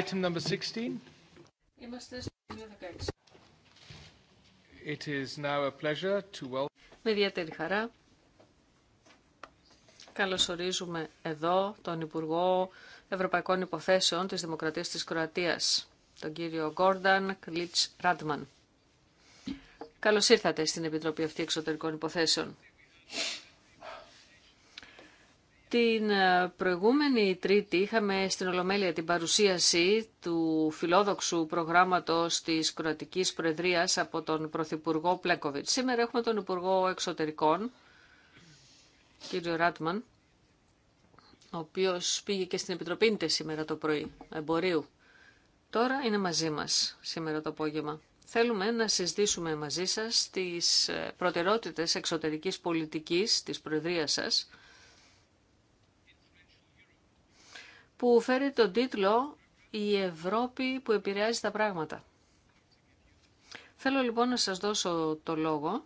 Item number 16. Είμαστε στο It is now a pleasure to welcome... Με ιδιαίτερη χαρά καλωσορίζουμε εδώ τον Υπουργό Ευρωπαϊκών Υποθέσεων της Δημοκρατίας της Κροατίας, τον κύριο Γκόρνταν Κλίτς Ράντμαν. Καλώς ήρθατε στην Επιτροπή αυτή εξωτερικών υποθέσεων. Την ε, προηγούμενη Τρίτη είχαμε στην Ολομέλεια την παρουσίαση του φιλόδοξου προγράμματος της Κροατικής Προεδρίας από τον Πρωθυπουργό Πλέκοβιτ. Σήμερα έχουμε τον Υπουργό Εξωτερικών, κύριο Ράτμαν, ο οποίος πήγε και στην Επιτροπή σήμερα το πρωί, εμπορίου. Τώρα είναι μαζί μας σήμερα το απόγευμα. Θέλουμε να συζητήσουμε μαζί σας τις ε, προτεραιότητες εξωτερικής πολιτικής της Προεδρίας σας, που φέρει τον τίτλο «Η Ευρώπη που επηρεάζει τα πράγματα». Θέλω λοιπόν να σας δώσω το λόγο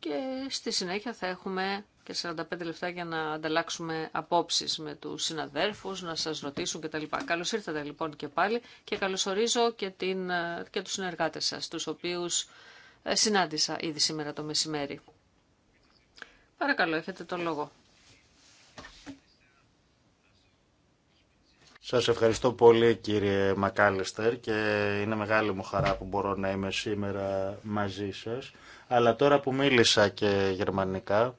και στη συνέχεια θα έχουμε και 45 λεπτά για να ανταλλάξουμε απόψεις με τους συναδέρφους, να σας ρωτήσουν κτλ. Καλώς ήρθατε λοιπόν και πάλι και καλωσορίζω και, την, και τους συνεργάτες σας, τους οποίους ε, συνάντησα ήδη σήμερα το μεσημέρι. Παρακαλώ, έχετε το λόγο. Σα ευχαριστώ πολύ κύριε Μακάλιστερ και είναι μεγάλη μου χαρά που μπορώ να είμαι σήμερα μαζί σα, Αλλά τώρα που μίλησα και γερμανικά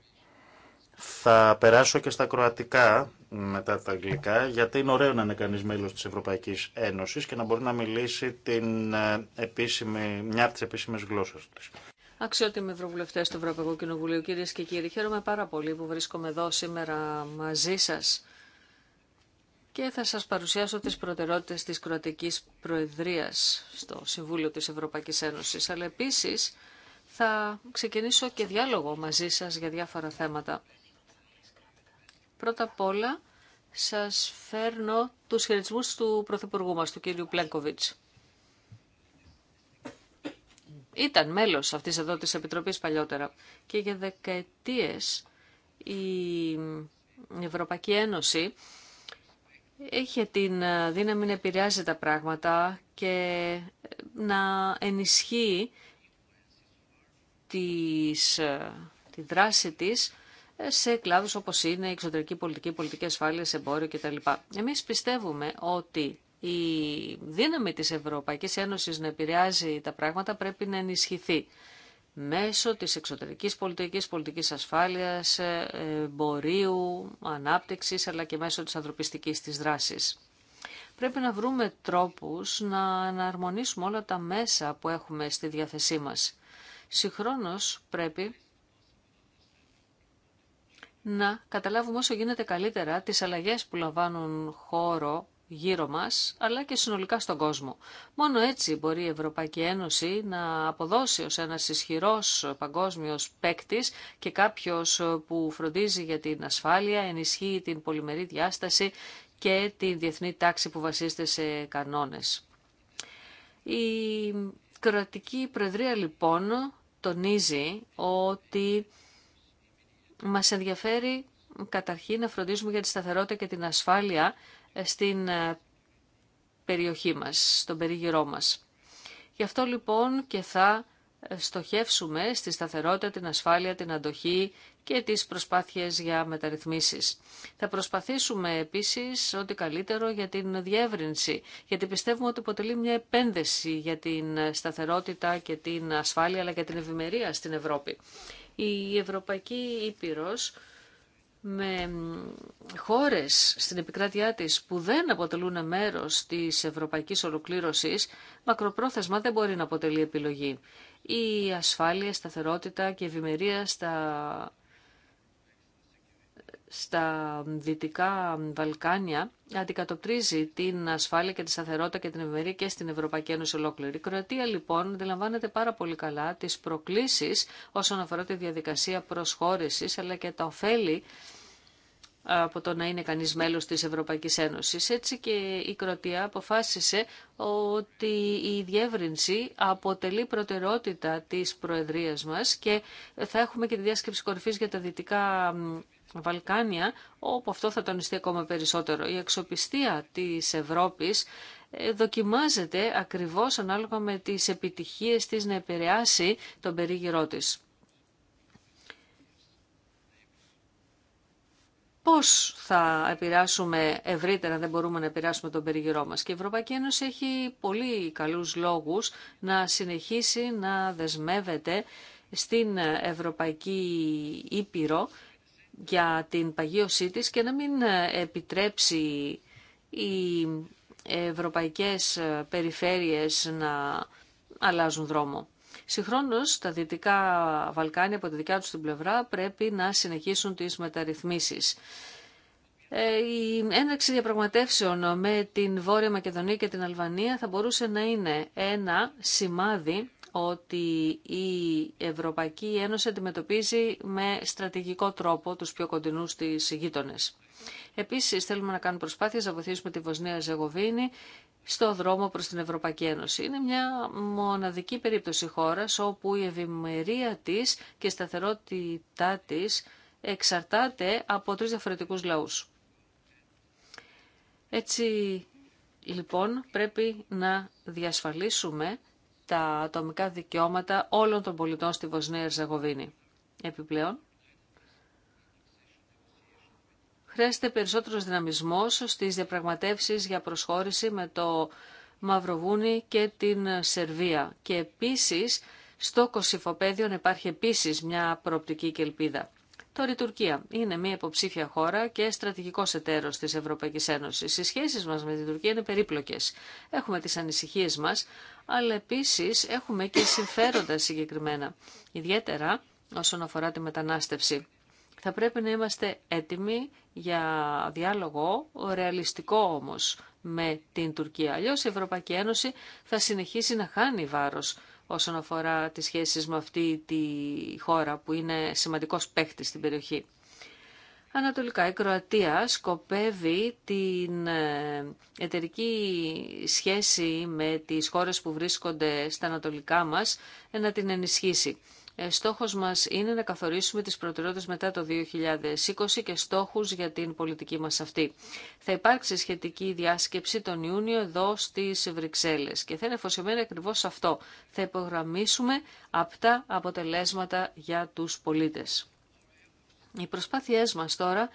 θα περάσω και στα κροατικά μετά τα αγγλικά γιατί είναι ωραίο να είναι κανεί μέλο τη Ευρωπαϊκή Ένωση και να μπορεί να μιλήσει την ε, επίσημη, μια από τι επίσημες γλώσσες τη. Αξιότιμοι Ευρωβουλευτέ του Ευρωπαϊκού Κοινοβουλίου, κυρίε και κύριοι, χαίρομαι πάρα πολύ που βρίσκομαι εδώ σήμερα μαζί σα και θα σας παρουσιάσω τις προτεραιότητες της Κροατικής Προεδρίας στο Συμβούλιο της Ευρωπαϊκής Ένωσης. Αλλά επίσης θα ξεκινήσω και διάλογο μαζί σας για διάφορα θέματα. Πρώτα απ' όλα σας φέρνω τους χαιρετισμού του Πρωθυπουργού μας, του κύριου Πλέγκοβιτς. Ήταν μέλος αυτής εδώ της Επιτροπής παλιότερα και για δεκαετίες η Ευρωπαϊκή Ένωση είχε την ε, δύναμη να επηρεάζει τα πράγματα και ε, να ενισχύει τις, ε, τη δράση της σε κλάδους όπως είναι η εξωτερική πολιτική, η πολιτική ασφάλεια, εμπόριο κτλ. Εμείς πιστεύουμε ότι η δύναμη της Ευρωπαϊκής Ένωσης να επηρεάζει τα πράγματα πρέπει να ενισχυθεί μέσω της εξωτερικής πολιτικής, πολιτικής ασφάλειας, ε, εμπορίου, ανάπτυξης, αλλά και μέσω της ανθρωπιστικής της δράσης. Πρέπει να βρούμε τρόπους να αναρμονίσουμε όλα τα μέσα που έχουμε στη διάθεσή μας. Συγχρόνως πρέπει να καταλάβουμε όσο γίνεται καλύτερα τις αλλαγές που λαμβάνουν χώρο γύρω μας, αλλά και συνολικά στον κόσμο. Μόνο έτσι μπορεί η Ευρωπαϊκή Ένωση να αποδώσει ως ένας ισχυρός παγκόσμιος παίκτη και κάποιος που φροντίζει για την ασφάλεια, ενισχύει την πολυμερή διάσταση και την διεθνή τάξη που βασίζεται σε κανόνες. Η κροατική Προεδρία λοιπόν τονίζει ότι μας ενδιαφέρει καταρχήν να φροντίζουμε για τη σταθερότητα και την ασφάλεια στην ε, περιοχή μας, στον περίγυρό μας. Γι' αυτό λοιπόν και θα ε, στοχεύσουμε στη σταθερότητα, την ασφάλεια, την αντοχή και τις προσπάθειες για μεταρρυθμίσεις. Θα προσπαθήσουμε επίσης ό,τι καλύτερο για την διεύρυνση, γιατί πιστεύουμε ότι αποτελεί μια επένδυση για την ε, σταθερότητα και την ασφάλεια αλλά και την ευημερία στην Ευρώπη. Η Ευρωπαϊκή Ήπειρος με χώρες στην επικράτειά της που δεν αποτελούν μέρος της ευρωπαϊκής ολοκλήρωσης, μακροπρόθεσμα δεν μπορεί να αποτελεί επιλογή. Η ασφάλεια, σταθερότητα και ευημερία στα, στα Δυτικά Βαλκάνια αντικατοπτρίζει την ασφάλεια και τη σταθερότητα και την ευημερία και στην Ευρωπαϊκή Ένωση ολόκληρη. Η Κροατία λοιπόν αντιλαμβάνεται πάρα πολύ καλά τις προκλήσεις όσον αφορά τη διαδικασία προσχώρησης αλλά και τα ωφέλη από το να είναι κανείς μέλος της Ευρωπαϊκής Ένωσης. Έτσι και η Κροατία αποφάσισε ότι η διεύρυνση αποτελεί προτεραιότητα της Προεδρίας μας και θα έχουμε και τη διάσκεψη κορυφής για τα Δυτικά Βαλκάνια, όπου αυτό θα τονιστεί ακόμα περισσότερο. Η αξιοπιστία της Ευρώπης ε, δοκιμάζεται ακριβώς ανάλογα με τις επιτυχίες της να επηρεάσει τον περίγυρό της. πώς θα επηρεάσουμε ευρύτερα, δεν μπορούμε να επηρεάσουμε τον περιγυρό μας. Και η Ευρωπαϊκή Ένωση έχει πολύ καλούς λόγους να συνεχίσει να δεσμεύεται στην Ευρωπαϊκή Ήπειρο για την παγίωσή της και να μην επιτρέψει οι ευρωπαϊκές περιφέρειες να αλλάζουν δρόμο. Συγχρόνω, τα Δυτικά Βαλκάνια από τη δικιά του την πλευρά πρέπει να συνεχίσουν τις μεταρρυθμίσει. Ε, η έναρξη διαπραγματεύσεων με την Βόρεια Μακεδονία και την Αλβανία θα μπορούσε να είναι ένα σημάδι ότι η Ευρωπαϊκή Ένωση αντιμετωπίζει με στρατηγικό τρόπο τους πιο κοντινούς της γείτονες. Επίσης θέλουμε να κάνουμε προσπάθειες να βοηθήσουμε τη Βοσνία Ζεγοβίνη στο δρόμο προ την Ευρωπαϊκή Ένωση. Είναι μια μοναδική περίπτωση χώρα, όπου η ευημερία της και η σταθερότητά τη εξαρτάται από τρει διαφορετικού λαούς. Έτσι λοιπόν πρέπει να διασφαλίσουμε τα ατομικά δικαιώματα όλων των πολιτών στη Βοσνία Ζεγοβίνη. Επιπλέον, χρειάζεται περισσότερος δυναμισμός στις διαπραγματεύσεις για προσχώρηση με το Μαυροβούνι και την Σερβία. Και επίσης στο Κωσυφοπαίδιο υπάρχει επίσης μια προοπτική και ελπίδα. Τώρα η Τουρκία είναι μια υποψήφια χώρα και στρατηγικό εταίρο τη Ευρωπαϊκή Ένωση. Οι σχέσει μα με την Τουρκία είναι περίπλοκε. Έχουμε τι ανησυχίε μα, αλλά επίση έχουμε και συμφέροντα συγκεκριμένα. Ιδιαίτερα όσον αφορά τη μετανάστευση. Θα πρέπει να είμαστε έτοιμοι για διάλογο, ρεαλιστικό όμως, με την Τουρκία. Αλλιώ η Ευρωπαϊκή Ένωση θα συνεχίσει να χάνει βάρος όσον αφορά τις σχέσεις με αυτή τη χώρα που είναι σημαντικός παίκτη στην περιοχή. Ανατολικά η Κροατία σκοπεύει την ε, εταιρική σχέση με τις χώρες που βρίσκονται στα ανατολικά μας να την ενισχύσει. Ε, στόχος μας είναι να καθορίσουμε τις προτεραιότητες μετά το 2020 και στόχους για την πολιτική μας αυτή. Θα υπάρξει σχετική διάσκεψη τον Ιούνιο εδώ στις Βρυξέλλες και θα είναι εφοσιωμένη ακριβώς αυτό. Θα υπογραμμίσουμε απτά αποτελέσματα για τους πολίτες. Οι προσπάθειές μας τώρα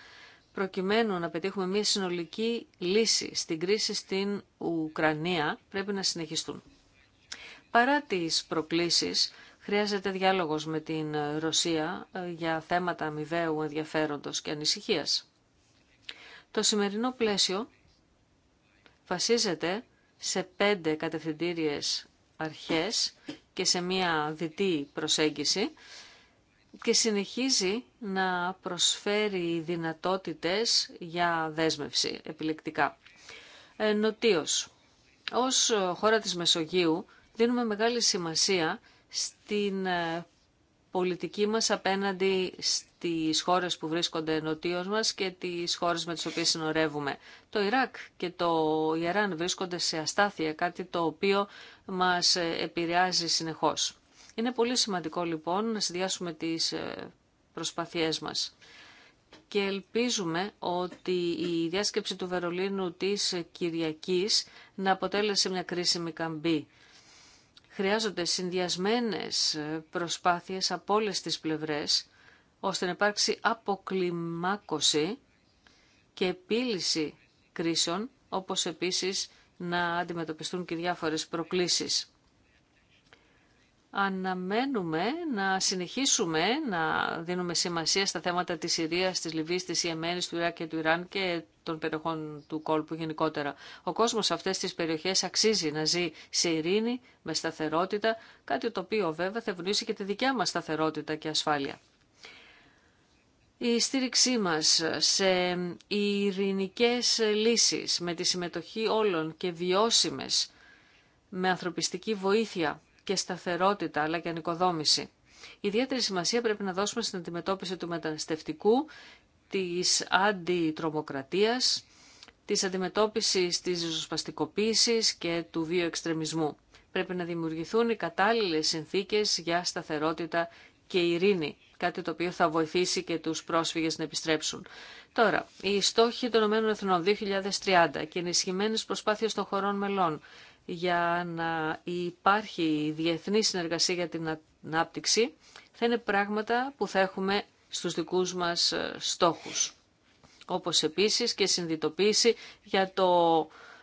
προκειμένου να πετύχουμε μια συνολική λύση στην κρίση στην Ουκρανία πρέπει να συνεχιστούν. Παρά τις προκλήσεις, Χρειάζεται διάλογος με την Ρωσία ε, για θέματα αμοιβαίου ενδιαφέροντος και ανησυχίας. Το σημερινό πλαίσιο βασίζεται σε πέντε κατευθυντήριες αρχές και σε μία διτή προσέγγιση και συνεχίζει να προσφέρει δυνατότητες για δέσμευση επιλεκτικά. Ε, νοτίως, ως χώρα της Μεσογείου δίνουμε μεγάλη σημασία στην ε, πολιτική μας απέναντι στις χώρες που βρίσκονται νοτίως μας και τις χώρες με τις οποίες συνορεύουμε. Το Ιράκ και το Ιεράν βρίσκονται σε αστάθεια, κάτι το οποίο μας ε, επηρεάζει συνεχώς. Είναι πολύ σημαντικό λοιπόν να συνδυάσουμε τις ε, προσπαθειές μας. Και ελπίζουμε ότι η διάσκεψη του Βερολίνου της Κυριακής να αποτέλεσε μια κρίσιμη καμπή Χρειάζονται συνδυασμένες ε, προσπάθειες από όλες τις πλευρές, ώστε να υπάρξει αποκλιμάκωση και επίλυση κρίσεων, όπως επίσης να αντιμετωπιστούν και διάφορες προκλήσεις αναμένουμε να συνεχίσουμε να δίνουμε σημασία στα θέματα της Συρίας, της Λιβύης, της Ιεμένης, του Ιράκ και του Ιράν και των περιοχών του κόλπου γενικότερα. Ο κόσμος σε αυτές τις περιοχές αξίζει να ζει σε ειρήνη, με σταθερότητα, κάτι το οποίο βέβαια θα ευνοήσει και τη δικιά μας σταθερότητα και ασφάλεια. Η στήριξή μας σε ειρηνικές λύσεις με τη συμμετοχή όλων και βιώσιμες με ανθρωπιστική βοήθεια και σταθερότητα αλλά και ανοικοδόμηση. Ιδιαίτερη σημασία πρέπει να δώσουμε στην αντιμετώπιση του μεταναστευτικού, της αντιτρομοκρατίας, της αντιμετώπισης της ριζοσπαστικοποίησης και του βιοεξτρεμισμού. Πρέπει να δημιουργηθούν οι κατάλληλες συνθήκες για σταθερότητα και ειρήνη, κάτι το οποίο θα βοηθήσει και τους πρόσφυγες να επιστρέψουν. Τώρα, οι στόχοι των ΗΕ 2030 και ενισχυμένε προσπάθειες των χωρών μελών για να υπάρχει διεθνή συνεργασία για την ανάπτυξη θα είναι πράγματα που θα έχουμε στους δικούς μας ε, στόχους. Όπως επίσης και συνδυτοποίηση για το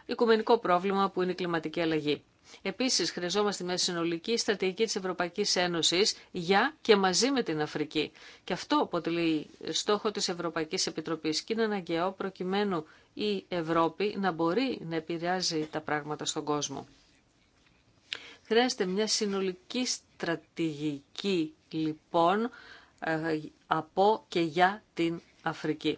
οικουμενικό πρόβλημα που είναι η κλιματική αλλαγή. Επίσης, χρειαζόμαστε μια συνολική στρατηγική τη Ευρωπαϊκή Ένωσης για και μαζί με την Αφρική. Και αυτό αποτελεί στόχο της Ευρωπαϊκής Επιτροπής και είναι αναγκαίο προκειμένου η Ευρώπη να μπορεί να επηρεάζει τα πράγματα στον κόσμο. Χρειάζεται μια συνολική στρατηγική, λοιπόν, ε, από και για την Αφρική.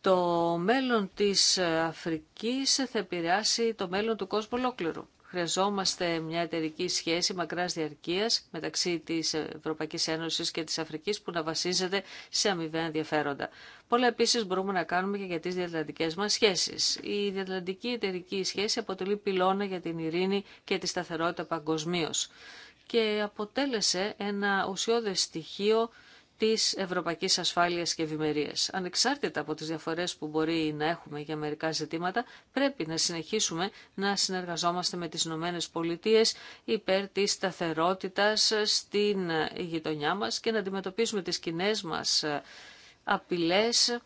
Το μέλλον της Αφρικής θα επηρεάσει το μέλλον του κόσμου ολόκληρου χρειαζόμαστε μια εταιρική σχέση μακράς διαρκείας μεταξύ της Ευρωπαϊκής Ένωσης και της Αφρική που να βασίζεται σε αμοιβαία ενδιαφέροντα. Πολλά επίση μπορούμε να κάνουμε και για τι διατλαντικές μας σχέσεις. Η διατλαντική εταιρική σχέση αποτελεί πυλώνα για την ειρήνη και τη σταθερότητα παγκοσμίω και αποτέλεσε ένα ουσιώδες στοιχείο της ευρωπαϊκής ασφάλειας και ευημερίας. Ανεξάρτητα από τις διαφορές που μπορεί να έχουμε για μερικά ζητήματα, πρέπει να συνεχίσουμε να συνεργαζόμαστε με τις Ηνωμένες Πολιτείες υπέρ της σταθερότητας στην γειτονιά μας και να αντιμετωπίσουμε τις κοινέ μας απειλές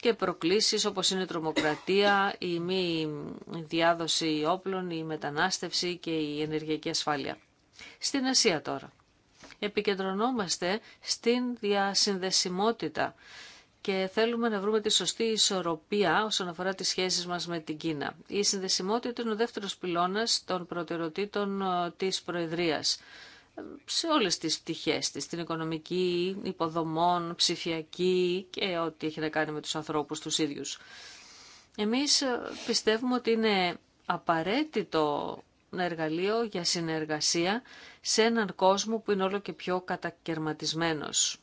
και προκλήσεις όπως είναι η τρομοκρατία, η μη διάδοση όπλων, η μετανάστευση και η ενεργειακή ασφάλεια. Στην Ασία τώρα επικεντρωνόμαστε στην διασυνδεσιμότητα και θέλουμε να βρούμε τη σωστή ισορροπία όσον αφορά τις σχέσεις μας με την Κίνα. Η συνδεσιμότητα είναι ο δεύτερος πυλώνας των προτεραιοτήτων ε, της Προεδρίας ε, σε όλες τις πτυχές της, την οικονομική, υποδομών, ψηφιακή και ό,τι έχει να κάνει με τους ανθρώπους τους ίδιους. Εμείς ε, πιστεύουμε ότι είναι απαραίτητο εργαλείο για συνεργασία σε έναν κόσμο που είναι όλο και πιο κατακαιρματισμένος.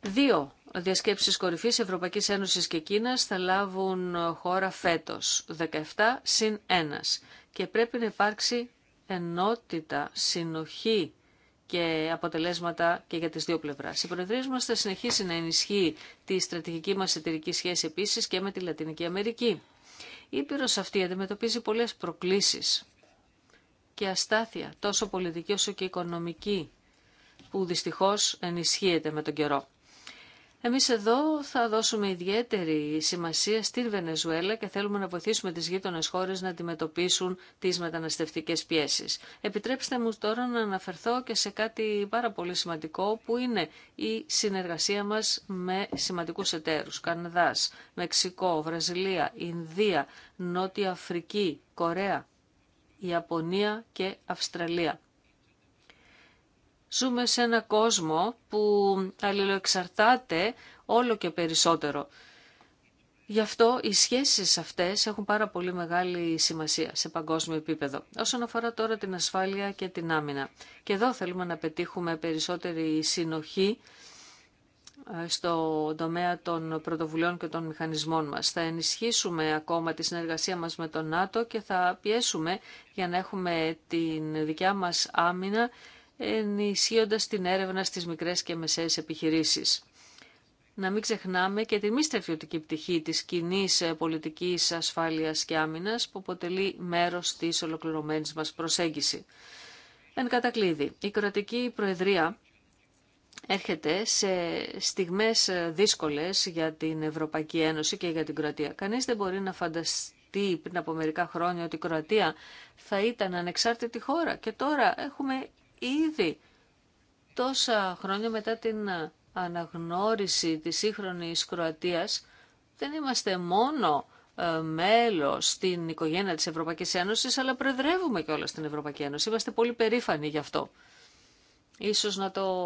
Δύο διασκέψεις κορυφής Ευρωπαϊκής Ένωσης και Κίνας θα λάβουν χώρα φέτος, 17 συν 1. Και πρέπει να υπάρξει ενότητα, συνοχή και αποτελέσματα και για τις δύο πλευράς. Η Προεδρία μας θα συνεχίσει να ενισχύει τη στρατηγική μας εταιρική σχέση επίσης και με τη Λατινική Αμερική. Η Ήπειρος αυτή αντιμετωπίζει πολλές προκλήσεις και αστάθεια, τόσο πολιτική όσο και οικονομική, που δυστυχώς ενισχύεται με τον καιρό. Εμείς εδώ θα δώσουμε ιδιαίτερη σημασία στην Βενεζουέλα και θέλουμε να βοηθήσουμε τις γείτονες χώρες να αντιμετωπίσουν τις μεταναστευτικές πιέσεις. Επιτρέψτε μου τώρα να αναφερθώ και σε κάτι πάρα πολύ σημαντικό που είναι η συνεργασία μας με σημαντικούς εταίρους. Καναδάς, Μεξικό, Βραζιλία, Ινδία, Νότια Αφρική, Κορέα, Ιαπωνία και Αυστραλία. Ζούμε σε ένα κόσμο που αλληλοεξαρτάται όλο και περισσότερο. Γι' αυτό οι σχέσεις αυτές έχουν πάρα πολύ μεγάλη σημασία σε παγκόσμιο επίπεδο. Όσον αφορά τώρα την ασφάλεια και την άμυνα. Και εδώ θέλουμε να πετύχουμε περισσότερη συνοχή ε, στο τομέα των πρωτοβουλειών και των μηχανισμών μας. Θα ενισχύσουμε ακόμα τη συνεργασία μας με τον ΝΑΤΟ και θα πιέσουμε για να έχουμε την δικιά μας άμυνα ενισχύοντας την έρευνα στις μικρές και μεσαίες επιχειρήσεις. Να μην ξεχνάμε και τη μη πτυχή της κοινή ε, πολιτικής ασφάλειας και άμυνας που αποτελεί μέρος της ολοκληρωμένης μας προσέγγιση. Εν κατακλείδη, η κρατική προεδρία έρχεται σε στιγμές ε, δύσκολες για την Ευρωπαϊκή Ένωση και για την Κροατία. Κανείς δεν μπορεί να φανταστεί πριν από μερικά χρόνια ότι η Κροατία θα ήταν ανεξάρτητη χώρα και τώρα έχουμε ήδη τόσα χρόνια μετά την αναγνώριση της σύγχρονης Κροατίας δεν είμαστε μόνο ε, μέλος στην οικογένεια της Ευρωπαϊκής Ένωσης, αλλά προεδρεύουμε και όλα στην Ευρωπαϊκή Ένωση. Είμαστε πολύ περήφανοι γι' αυτό. Ίσως να το...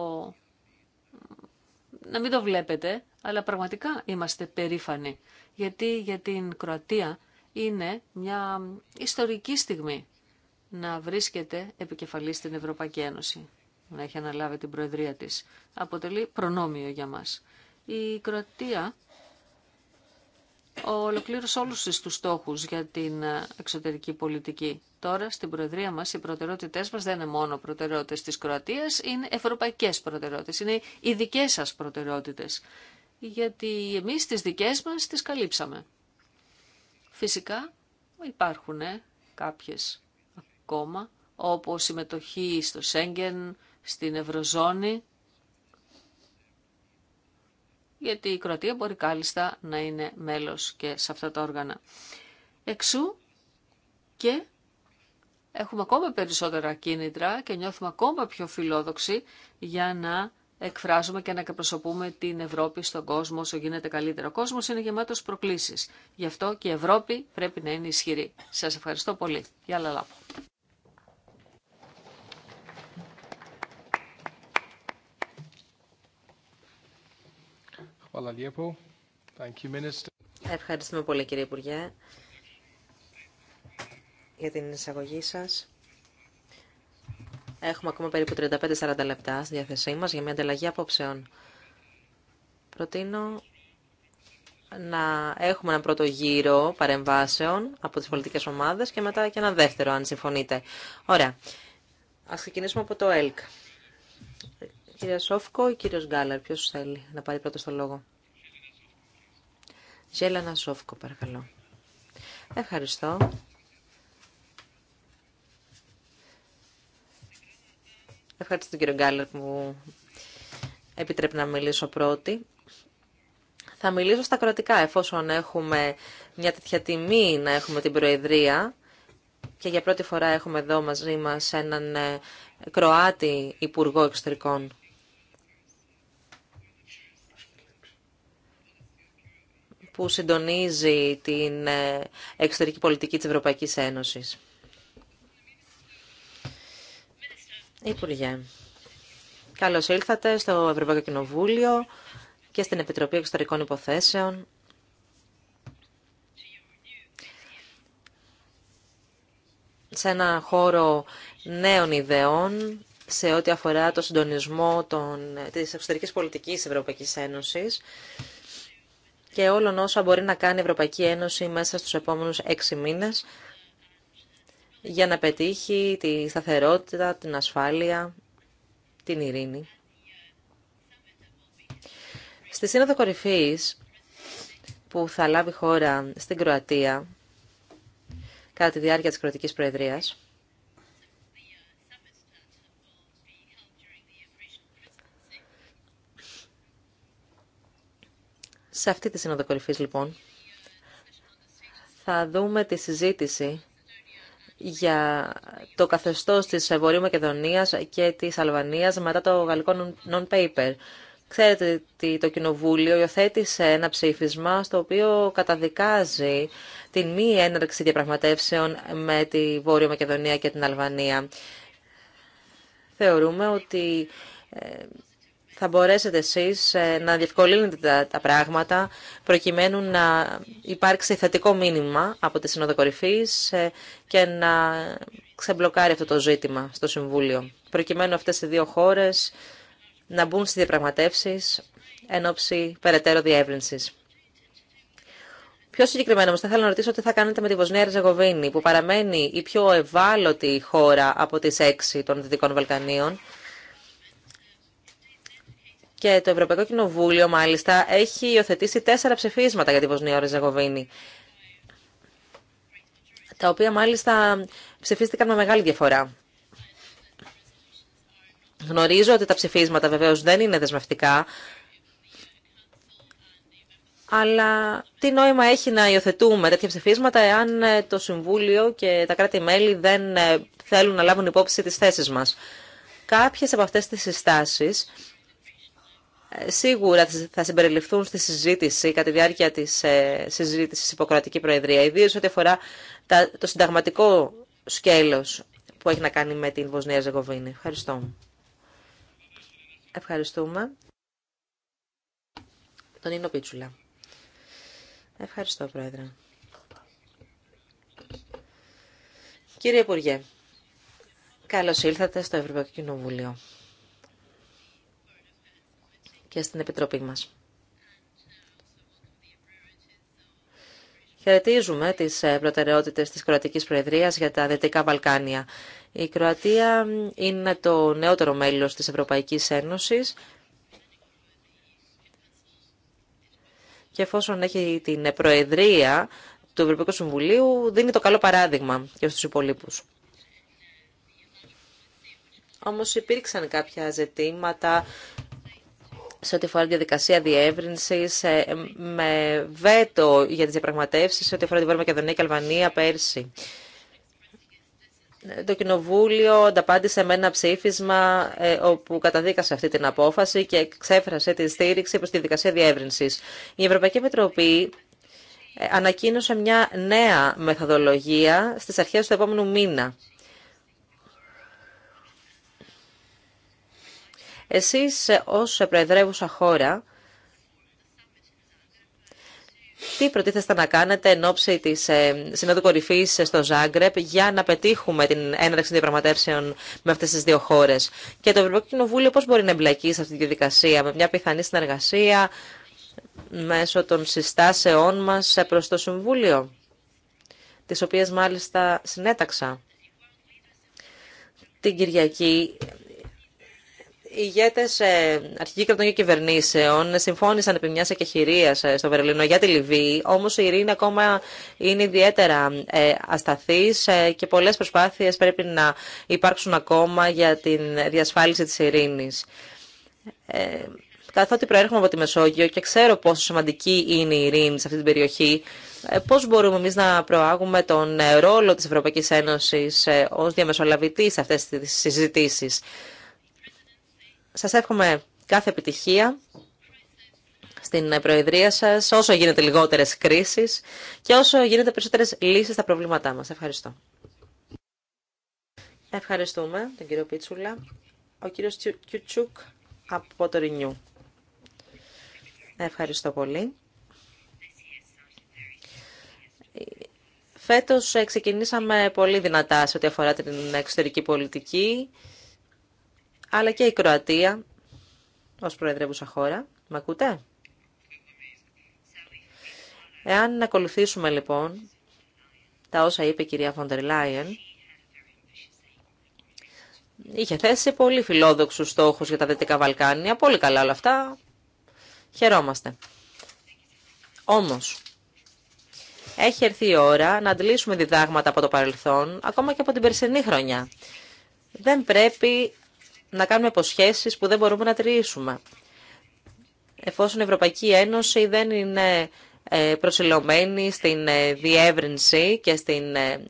να μην το βλέπετε, αλλά πραγματικά είμαστε περήφανοι. Γιατί για την Κροατία είναι μια ιστορική στιγμή να βρίσκεται επικεφαλής στην Ευρωπαϊκή Ένωση, να έχει αναλάβει την Προεδρία της. Αποτελεί προνόμιο για μας. Η Κροατία ολοκλήρωσε όλους τους στόχους για την εξωτερική πολιτική. Τώρα στην Προεδρία μας οι προτεραιότητές μας δεν είναι μόνο προτεραιότητες της Κροατίας, είναι ευρωπαϊκές προτεραιότητες, είναι οι δικές σας προτεραιότητες. Γιατί εμείς τις δικές μας τις καλύψαμε. Φυσικά υπάρχουν κάποιες ακόμα, όπως συμμετοχή στο Σέγγεν, στην Ευρωζώνη, γιατί η Κροατία μπορεί κάλλιστα να είναι μέλος και σε αυτά τα όργανα. Εξού και έχουμε ακόμα περισσότερα κίνητρα και νιώθουμε ακόμα πιο φιλόδοξοι για να εκφράζουμε και να εκπροσωπούμε την Ευρώπη στον κόσμο όσο γίνεται καλύτερο. Ο κόσμος είναι γεμάτος προκλήσεις. Γι' αυτό και η Ευρώπη πρέπει να είναι ισχυρή. Σας ευχαριστώ πολύ. Γεια λαλάπο. Ευχαριστούμε πολύ κύριε Υπουργέ για την εισαγωγή σας. Έχουμε ακόμα περίπου 35-40 λεπτά στη διάθεσή μας για μια ανταλλαγή απόψεων. Προτείνω να έχουμε ένα πρώτο γύρο παρεμβάσεων από τις πολιτικές ομάδες και μετά και ένα δεύτερο, αν συμφωνείτε. Ωραία. Ας ξεκινήσουμε από το ΕΛΚ κυρία Σόφκο ή κύριος Γκάλαρ. Ποιος θέλει να πάρει πρώτο το λόγο. Γέλανα Σόφκο, παρακαλώ. Ευχαριστώ. Ευχαριστώ τον κύριο Γκάλαρ που μου επιτρέπει να μιλήσω πρώτη. Θα μιλήσω στα κρατικά, εφόσον έχουμε μια τέτοια τιμή να έχουμε την Προεδρία και για πρώτη φορά έχουμε εδώ μαζί μας έναν ε, Κροάτι Υπουργό Εξωτερικών. που συντονίζει την ε, εξωτερική πολιτική της Ευρωπαϊκής Ένωσης. Υπουργέ, καλώς ήλθατε στο Ευρωπαϊκό Κοινοβούλιο και στην Επιτροπή Εξωτερικών Υποθέσεων. σε ένα χώρο νέων ιδεών σε ό,τι αφορά το συντονισμό των, της εξωτερικής πολιτικής της Ευρωπαϊκής Ένωσης και όλων όσα μπορεί να κάνει η Ευρωπαϊκή Ένωση μέσα στους επόμενους έξι μήνες για να πετύχει τη σταθερότητα, την ασφάλεια, την ειρήνη. Στη Σύνοδο Κορυφής που θα λάβει χώρα στην Κροατία κατά τη διάρκεια της Κροατικής Προεδρίας, Σε αυτή τη Σύνοδο λοιπόν, θα δούμε τη συζήτηση για το καθεστώς της Βορείου Μακεδονίας και της Αλβανίας μετά το γαλλικό non-paper. Ξέρετε ότι το Κοινοβούλιο υιοθέτησε ένα ψήφισμα στο οποίο καταδικάζει την μη έναρξη διαπραγματεύσεων με τη Βόρεια Μακεδονία και την Αλβανία. Θεωρούμε ότι ε, θα μπορέσετε εσείς ε, να διευκολύνετε τα, πράγματα προκειμένου να υπάρξει θετικό μήνυμα από τη Σύνοδο Κορυφής ε, και να ξεμπλοκάρει αυτό το ζήτημα στο Συμβούλιο. Προκειμένου αυτές οι δύο χώρες να μπουν στις διαπραγματεύσεις εν ώψη περαιτέρω διεύρυνσης. Πιο συγκεκριμένα όμως θα ήθελα να ρωτήσω τι θα κάνετε με τη Βοσνία Ρεζεγοβίνη που παραμένει η πιο ευάλωτη χώρα από τις έξι των Δυτικών Βαλκανίων και το Ευρωπαϊκό Κοινοβούλιο, μάλιστα, έχει υιοθετήσει τέσσερα ψηφίσματα για τη Βοσνία-Ριζεγοβίνη. Τα οποία, μάλιστα, ψηφίστηκαν με μεγάλη διαφορά. Γνωρίζω ότι τα ψηφίσματα βεβαίως δεν είναι δεσμευτικά, αλλά τι νόημα έχει να υιοθετούμε τέτοια ψηφίσματα εάν ε, το Συμβούλιο και τα κράτη-μέλη δεν ε, θέλουν να λάβουν υπόψη τις θέσεις μας. Κάποιες από αυτές τις συστάσεις ε, σίγουρα θα συμπεριληφθούν στη συζήτηση κατά τη διάρκεια της ε, συζήτηση Υποκρατική Προεδρία, Ιδίω ό,τι αφορά το συνταγματικό σκέλο που έχει να κάνει με την Βοσνία Ζεγοβίνη. Ευχαριστώ. Ευχαριστούμε. Τον Ίνο Πίτσουλα. Ευχαριστώ, Πρόεδρε. Κύριε Υπουργέ, καλώς ήλθατε στο Ευρωπαϊκό Κοινοβούλιο και στην Επιτροπή μας. Χαιρετίζουμε τις ε, προτεραιότητες της Κροατικής Προεδρίας για τα Δυτικά Βαλκάνια. Η Κροατία είναι το νεότερο μέλος της Ευρωπαϊκής Ένωσης και εφόσον έχει την Προεδρία του Ευρωπαϊκού Συμβουλίου δίνει το καλό παράδειγμα και στους υπολείπους. Όμως υπήρξαν κάποια ζητήματα σε ό,τι αφορά τη διαδικασία διεύρυνση, με βέτο για τι διαπραγματεύσει, σε ό,τι αφορά τη Βόρεια Μακεδονία και Αλβανία πέρσι. Το Κοινοβούλιο ανταπάντησε με ένα ψήφισμα ε, όπου καταδίκασε αυτή την απόφαση και ξέφρασε τη στήριξη προς τη διαδικασία διεύρυνσης. Η Ευρωπαϊκή Επιτροπή ε, ανακοίνωσε μια νέα μεθοδολογία στις αρχές του επόμενου μήνα Εσείς ε, ως προεδρεύουσα χώρα, τι προτίθεστε να κάνετε εν ώψη τη ε, Συνόδου Κορυφής στο Ζάγκρεπ για να πετύχουμε την έναρξη διαπραγματεύσεων με αυτές τις δύο χώρες. Και το Ευρωπαϊκό Κοινοβούλιο πώς μπορεί να εμπλακεί σε αυτή τη διαδικασία με μια πιθανή συνεργασία μέσω των συστάσεών μας προς το Συμβούλιο, τις οποίες μάλιστα συνέταξα. Την Κυριακή οι ηγέτε ε, αρχηγοί κρατών και κυβερνήσεων συμφώνησαν επί μια εκεχηρία ε, στο Βερολίνο για τη Λιβύη. Όμω η ειρήνη ακόμα είναι ιδιαίτερα ε, ασταθή και πολλέ προσπάθειε πρέπει να υπάρξουν ακόμα για τη διασφάλιση τη ειρήνη. Καθότι προέρχομαι από τη Μεσόγειο και ξέρω πόσο σημαντική είναι η ειρήνη σε αυτή την περιοχή, πώ μπορούμε εμεί να προάγουμε τον ρόλο της Ευρωπαϊκής Ένωσης ω διαμεσολαβητή σε αυτέ τι συζητήσει. Σας εύχομαι κάθε επιτυχία στην Προεδρία σας, όσο γίνεται λιγότερες κρίσεις και όσο γίνεται περισσότερες λύσεις στα προβλήματά μας. Ευχαριστώ. Ευχαριστούμε τον κύριο Πίτσουλα. Ο κύριος Κιουτσούκ από το Ρινιού. Ευχαριστώ πολύ. Φέτος ξεκινήσαμε πολύ δυνατά σε ό,τι αφορά την εξωτερική πολιτική αλλά και η Κροατία ως προεδρεύουσα χώρα. Μ' ακούτε? Εάν ακολουθήσουμε λοιπόν τα όσα είπε η κυρία Φοντερ Λάιεν, είχε θέσει πολύ φιλόδοξους στόχους για τα Δυτικά Βαλκάνια, πολύ καλά όλα αυτά, χαιρόμαστε. Όμως, έχει έρθει η ώρα να αντλήσουμε διδάγματα από το παρελθόν, ακόμα και από την περσινή χρονιά. Δεν πρέπει να κάνουμε υποσχέσεις που δεν μπορούμε να τηρήσουμε. Εφόσον η Ευρωπαϊκή Ένωση δεν είναι ε, προσιλωμένη στην ε, διεύρυνση και στην ε,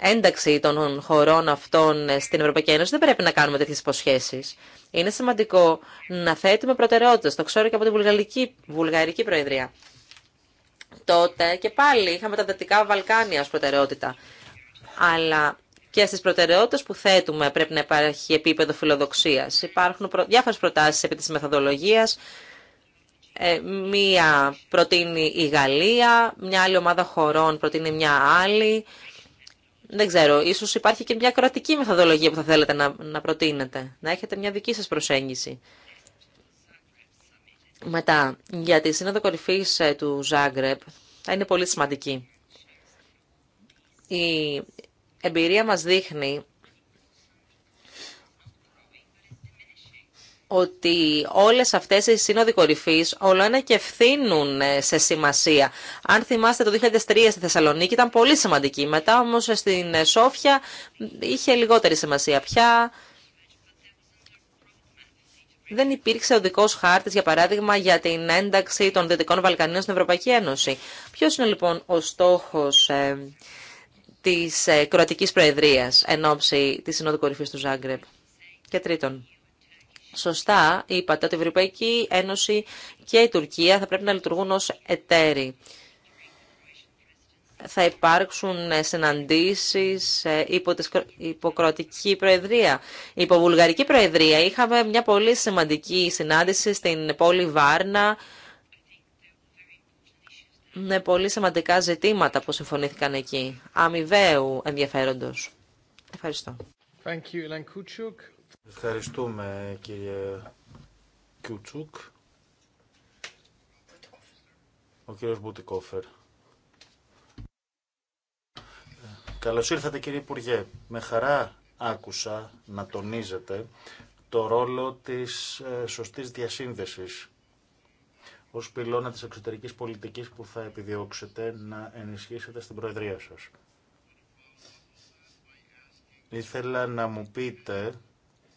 ένταξη των χωρών αυτών στην Ευρωπαϊκή Ένωση, δεν πρέπει να κάνουμε τέτοιες υποσχέσεις. Είναι σημαντικό να θέτουμε προτεραιότητες, το ξέρω και από την Βουλγαρική, Βουλγαρική Προεδρία. Τότε και πάλι είχαμε τα Δυτικά Βαλκάνια ως προτεραιότητα. Αλλά και στι προτεραιότητε που θέτουμε πρέπει να υπάρχει επίπεδο φιλοδοξίας. Υπάρχουν προ... διάφορες προτάσεις επί τη μεθοδολογία. Μία προτείνει η Γαλλία, Ε, μία προτείνει η Γαλλία, μια άλλη ομάδα χωρών προτείνει μια άλλη. Δεν ξέρω, ίσως υπάρχει και μια κρατική μεθοδολογία που θα θέλετε να, να προτείνετε. Να έχετε μια δική σας προσέγγιση. Μετά, για τη Σύνοδο Κορυφής ε, του Ζάγκρεπ θα είναι πολύ σημαντική. Η εμπειρία μας δείχνει ότι όλες αυτές οι σύνοδοι κορυφής όλο ένα και ευθύνουν ε, σε σημασία. Αν θυμάστε το 2003 στη Θεσσαλονίκη ήταν πολύ σημαντική, μετά όμως ε, στην ε, Σόφια είχε λιγότερη σημασία πια. Δεν υπήρξε δικός χάρτης για παράδειγμα, για την ένταξη των Δυτικών Βαλκανίων στην Ευρωπαϊκή Ένωση. Ποιο είναι λοιπόν ο στόχο της ε, Κροατικής Προεδρίας εν ώψη της Συνόδου Κορυφής του Ζάγκρεπ. Και τρίτον, σωστά είπατε ότι η Ευρωπαϊκή Ένωση και η Τουρκία θα πρέπει να λειτουργούν ως εταίροι. Θα υπάρξουν ε, συναντήσεις ε, υπό, τις, υπό Κροατική Προεδρία. Υπό Βουλγαρική Προεδρία είχαμε μια πολύ σημαντική συνάντηση στην πόλη Βάρνα με πολύ σημαντικά ζητήματα που συμφωνήθηκαν εκεί. Αμοιβαίου ενδιαφέροντος. Ευχαριστώ. Ευχαριστούμε κύριε Κιουτσούκ. Ο κύριος Μπουτικόφερ. Καλώς ήρθατε κύριε Υπουργέ. Με χαρά άκουσα να τονίζετε το ρόλο της ε, σωστής διασύνδεσης ως πυλώνα της εξωτερική πολιτικής που θα επιδιώξετε να ενισχύσετε στην Προεδρία σα. Ήθελα να μου πείτε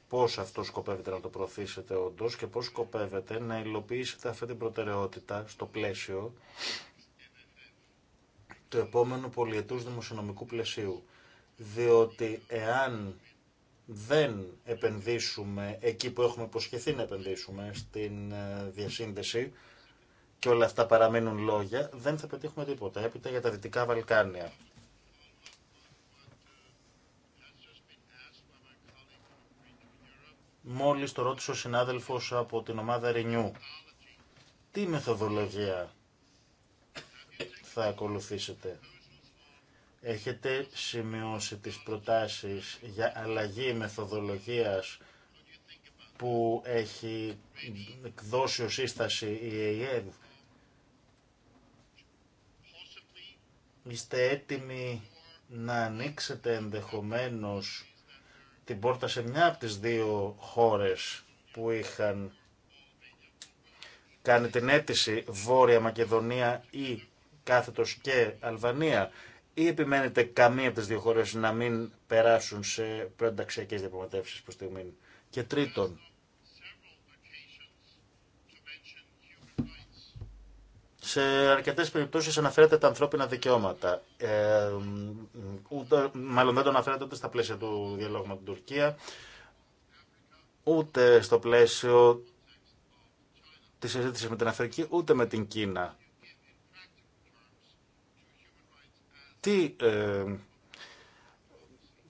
πώς αυτό σκοπεύετε να το προωθήσετε όντω και πώς σκοπεύετε να υλοποιήσετε αυτή την προτεραιότητα στο πλαίσιο του επόμενου πολιετούς δημοσιονομικού πλαισίου. Διότι εάν δεν επενδύσουμε εκεί που έχουμε υποσχεθεί να επενδύσουμε, στην ε, διασύνδεση, και όλα αυτά παραμένουν λόγια, δεν θα πετύχουμε τίποτα. Έπειτα για τα Δυτικά Βαλκάνια. Μόλις το ρώτησε ο συνάδελφος από την ομάδα Renew. Τι μεθοδολογία θα ακολουθήσετε. Έχετε σημειώσει τις προτάσεις για αλλαγή μεθοδολογίας που έχει εκδώσει ως σύσταση η ΕΕΔ Είστε έτοιμοι να ανοίξετε ενδεχομένως την πόρτα σε μια από τις δύο χώρες που είχαν κάνει την αίτηση Βόρεια Μακεδονία ή κάθετος και Αλβανία ή επιμένετε καμία από τις δύο χώρες να μην περάσουν σε προενταξιακές διαπραγματεύσεις προς τη στιγμή. Και τρίτον, Σε αρκετέ περιπτώσει αναφέρεται τα ανθρώπινα δικαιώματα. Ε, ούτε, μάλλον δεν το αναφέρεται ούτε στα πλαίσια του διαλόγου με την Τουρκία, ούτε στο πλαίσιο τη συζήτηση με την Αφρική, ούτε με την Κίνα. Τι ε,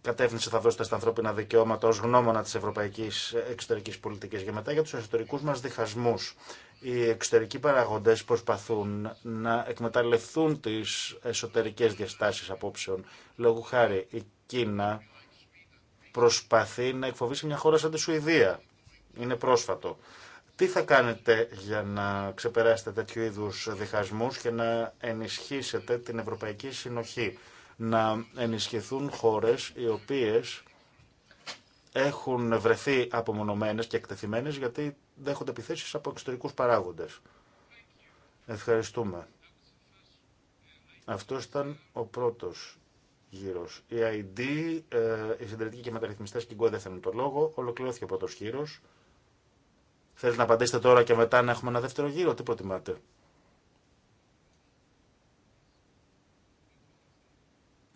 κατεύθυνση θα δώσετε στα ανθρώπινα δικαιώματα ως γνώμονα της ευρωπαϊκής εξωτερικής πολιτικής για μετά για τους εσωτερικού μας διχασμούς οι εξωτερικοί παραγοντές προσπαθούν να εκμεταλλευτούν τις εσωτερικές διαστάσεις απόψεων. Λόγου χάρη η Κίνα προσπαθεί να εκφοβήσει μια χώρα σαν τη Σουηδία. Είναι πρόσφατο. Τι θα κάνετε για να ξεπεράσετε τέτοιου είδους διχασμούς και να ενισχύσετε την Ευρωπαϊκή Συνοχή. Να ενισχυθούν χώρες οι οποίες έχουν βρεθεί απομονωμένες και εκτεθειμένες γιατί δέχονται επιθέσεις από εξωτερικούς παράγοντες. Ευχαριστούμε. Αυτό ήταν ο πρώτος γύρος. Η ID, ε, οι συντηρητικοί και μεταρρυθμιστές και η δεν θέλουν το λόγο. Ολοκληρώθηκε ο πρώτος γύρος. Θέλετε να απαντήσετε τώρα και μετά να έχουμε ένα δεύτερο γύρο. Τι προτιμάτε.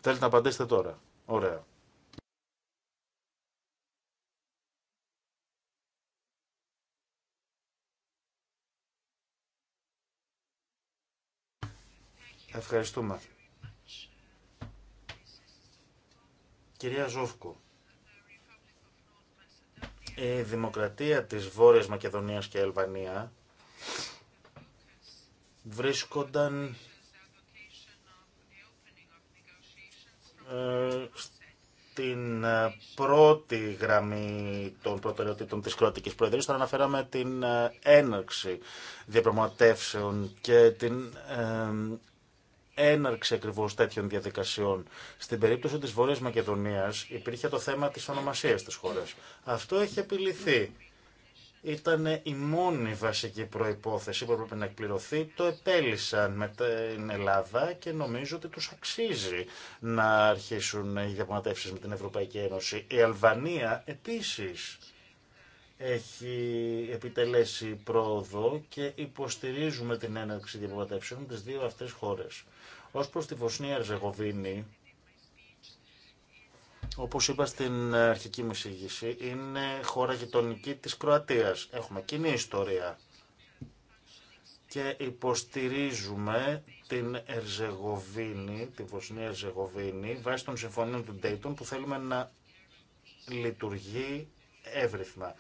Θέλετε να απαντήσετε τώρα. Ωραία. Ευχαριστούμε. Κυρία Ζόφκο, η δημοκρατία της Βόρειας Μακεδονίας και Αλβανία βρίσκονταν ε, στην ε, πρώτη γραμμή των προτεραιοτήτων της κρατικής προεδρίας Τώρα αναφέραμε την ε, έναρξη διαπραγματεύσεων και την έναρξη ακριβώ τέτοιων διαδικασιών. Στην περίπτωση τη Βόρεια Μακεδονία υπήρχε το θέμα τη ονομασία τη χώρα. Αυτό έχει επιληθεί. Ήταν η μόνη βασική προϋπόθεση που έπρεπε να εκπληρωθεί. Το επέλυσαν με την Ελλάδα και νομίζω ότι τους αξίζει να αρχίσουν οι διαπραγματεύσεις με την Ευρωπαϊκή Ένωση. Η Αλβανία επίσης έχει επιτελέσει πρόοδο και υποστηρίζουμε την έναρξη διαπραγματεύσεων με τις δύο αυτέ χώρε. Ως προς τη Βοσνία Ερζεγοβίνη, όπως είπα στην αρχική μου εισήγηση, είναι χώρα γειτονική της Κροατίας. Έχουμε κοινή ιστορία και υποστηρίζουμε την Ερζεγοβίνη, τη Βοσνία Ερζεγοβίνη, βάσει των συμφωνίων του Ντέιτον που θέλουμε να λειτουργεί εύρυθμα.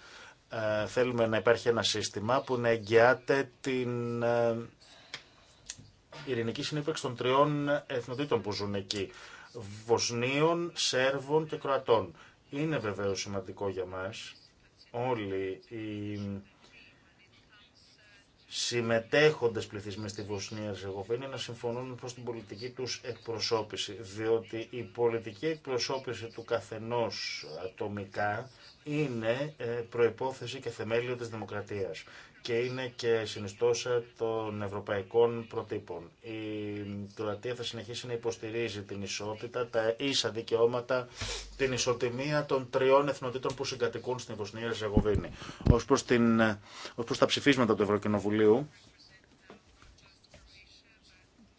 Ε, θέλουμε να υπάρχει ένα σύστημα που να εγγυάται την ε, ειρηνική συνύπαρξη των τριών εθνοτήτων που ζουν εκεί. Βοσνίων, Σέρβων και Κροατών. Είναι βεβαίως σημαντικό για μας όλοι οι συμμετέχοντες πληθυσμοί στη Βοσνία Ζεγοβίνη να συμφωνούν προς την πολιτική τους εκπροσώπηση, διότι η πολιτική εκπροσώπηση του καθενός ατομικά είναι ε, προϋπόθεση και θεμέλιο της δημοκρατίας και είναι και συνιστόσα των ευρωπαϊκών προτύπων. Η Κροατία θα συνεχίσει να υποστηρίζει την ισότητα, τα ίσα δικαιώματα, την ισοτιμία των τριών εθνοτήτων που συγκατοικούν στην Βοσνία Ζεγοβίνη. Ως προς, την, ως προς τα ψηφίσματα του Ευρωκοινοβουλίου,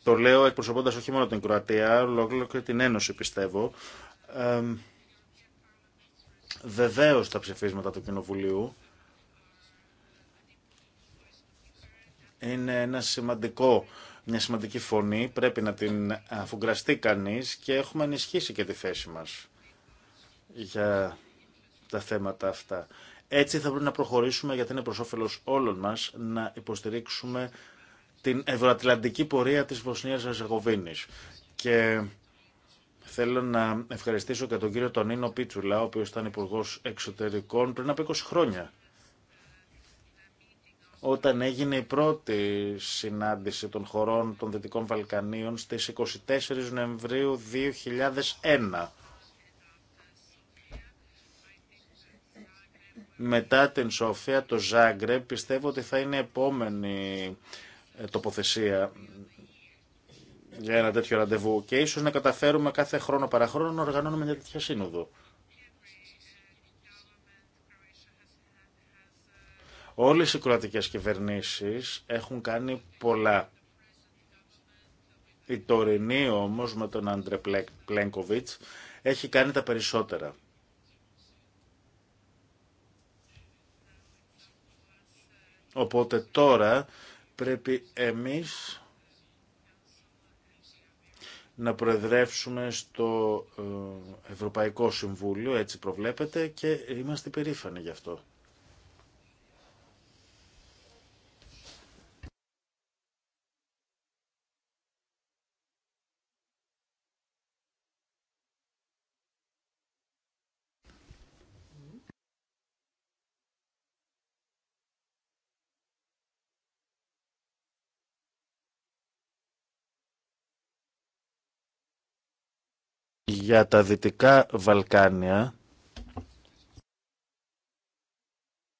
το λέω εκπροσωπώντας όχι μόνο την Κροατία, ολόκληρο και την Ένωση πιστεύω, Βεβαίω τα ψηφίσματα του Κοινοβουλίου είναι ένα σημαντικό, μια σημαντική φωνή, πρέπει να την αφουγκραστεί κανείς και έχουμε ενισχύσει και τη θέση μας για τα θέματα αυτά. Έτσι θα πρέπει να προχωρήσουμε γιατί είναι προς όφελος όλων μας να υποστηρίξουμε την ευρωατλαντική πορεία της Βοσνίας Αζεγοβίνης. Και θέλω να ευχαριστήσω και τον κύριο Τονίνο Πίτσουλα, ο οποίος ήταν υπουργό Εξωτερικών πριν από 20 χρόνια όταν έγινε η πρώτη συνάντηση των χωρών των Δυτικών Βαλκανίων στις 24 Νοεμβρίου 2001. Μετά την Σόφια, το Ζάγκρε, πιστεύω ότι θα είναι επόμενη ε, τοποθεσία για ένα τέτοιο ραντεβού και ίσως να καταφέρουμε κάθε χρόνο παραχρόνο να οργανώνουμε μια τέτοια σύνοδο. Όλες οι κροατικές κυβερνήσεις έχουν κάνει πολλά. Η τωρινή όμως με τον Άντρε Πλένκοβιτς έχει κάνει τα περισσότερα. Οπότε τώρα πρέπει εμείς να προεδρεύσουμε στο ε, Ευρωπαϊκό Συμβούλιο, έτσι προβλέπετε, και είμαστε περήφανοι γι' αυτό. για τα Δυτικά Βαλκάνια,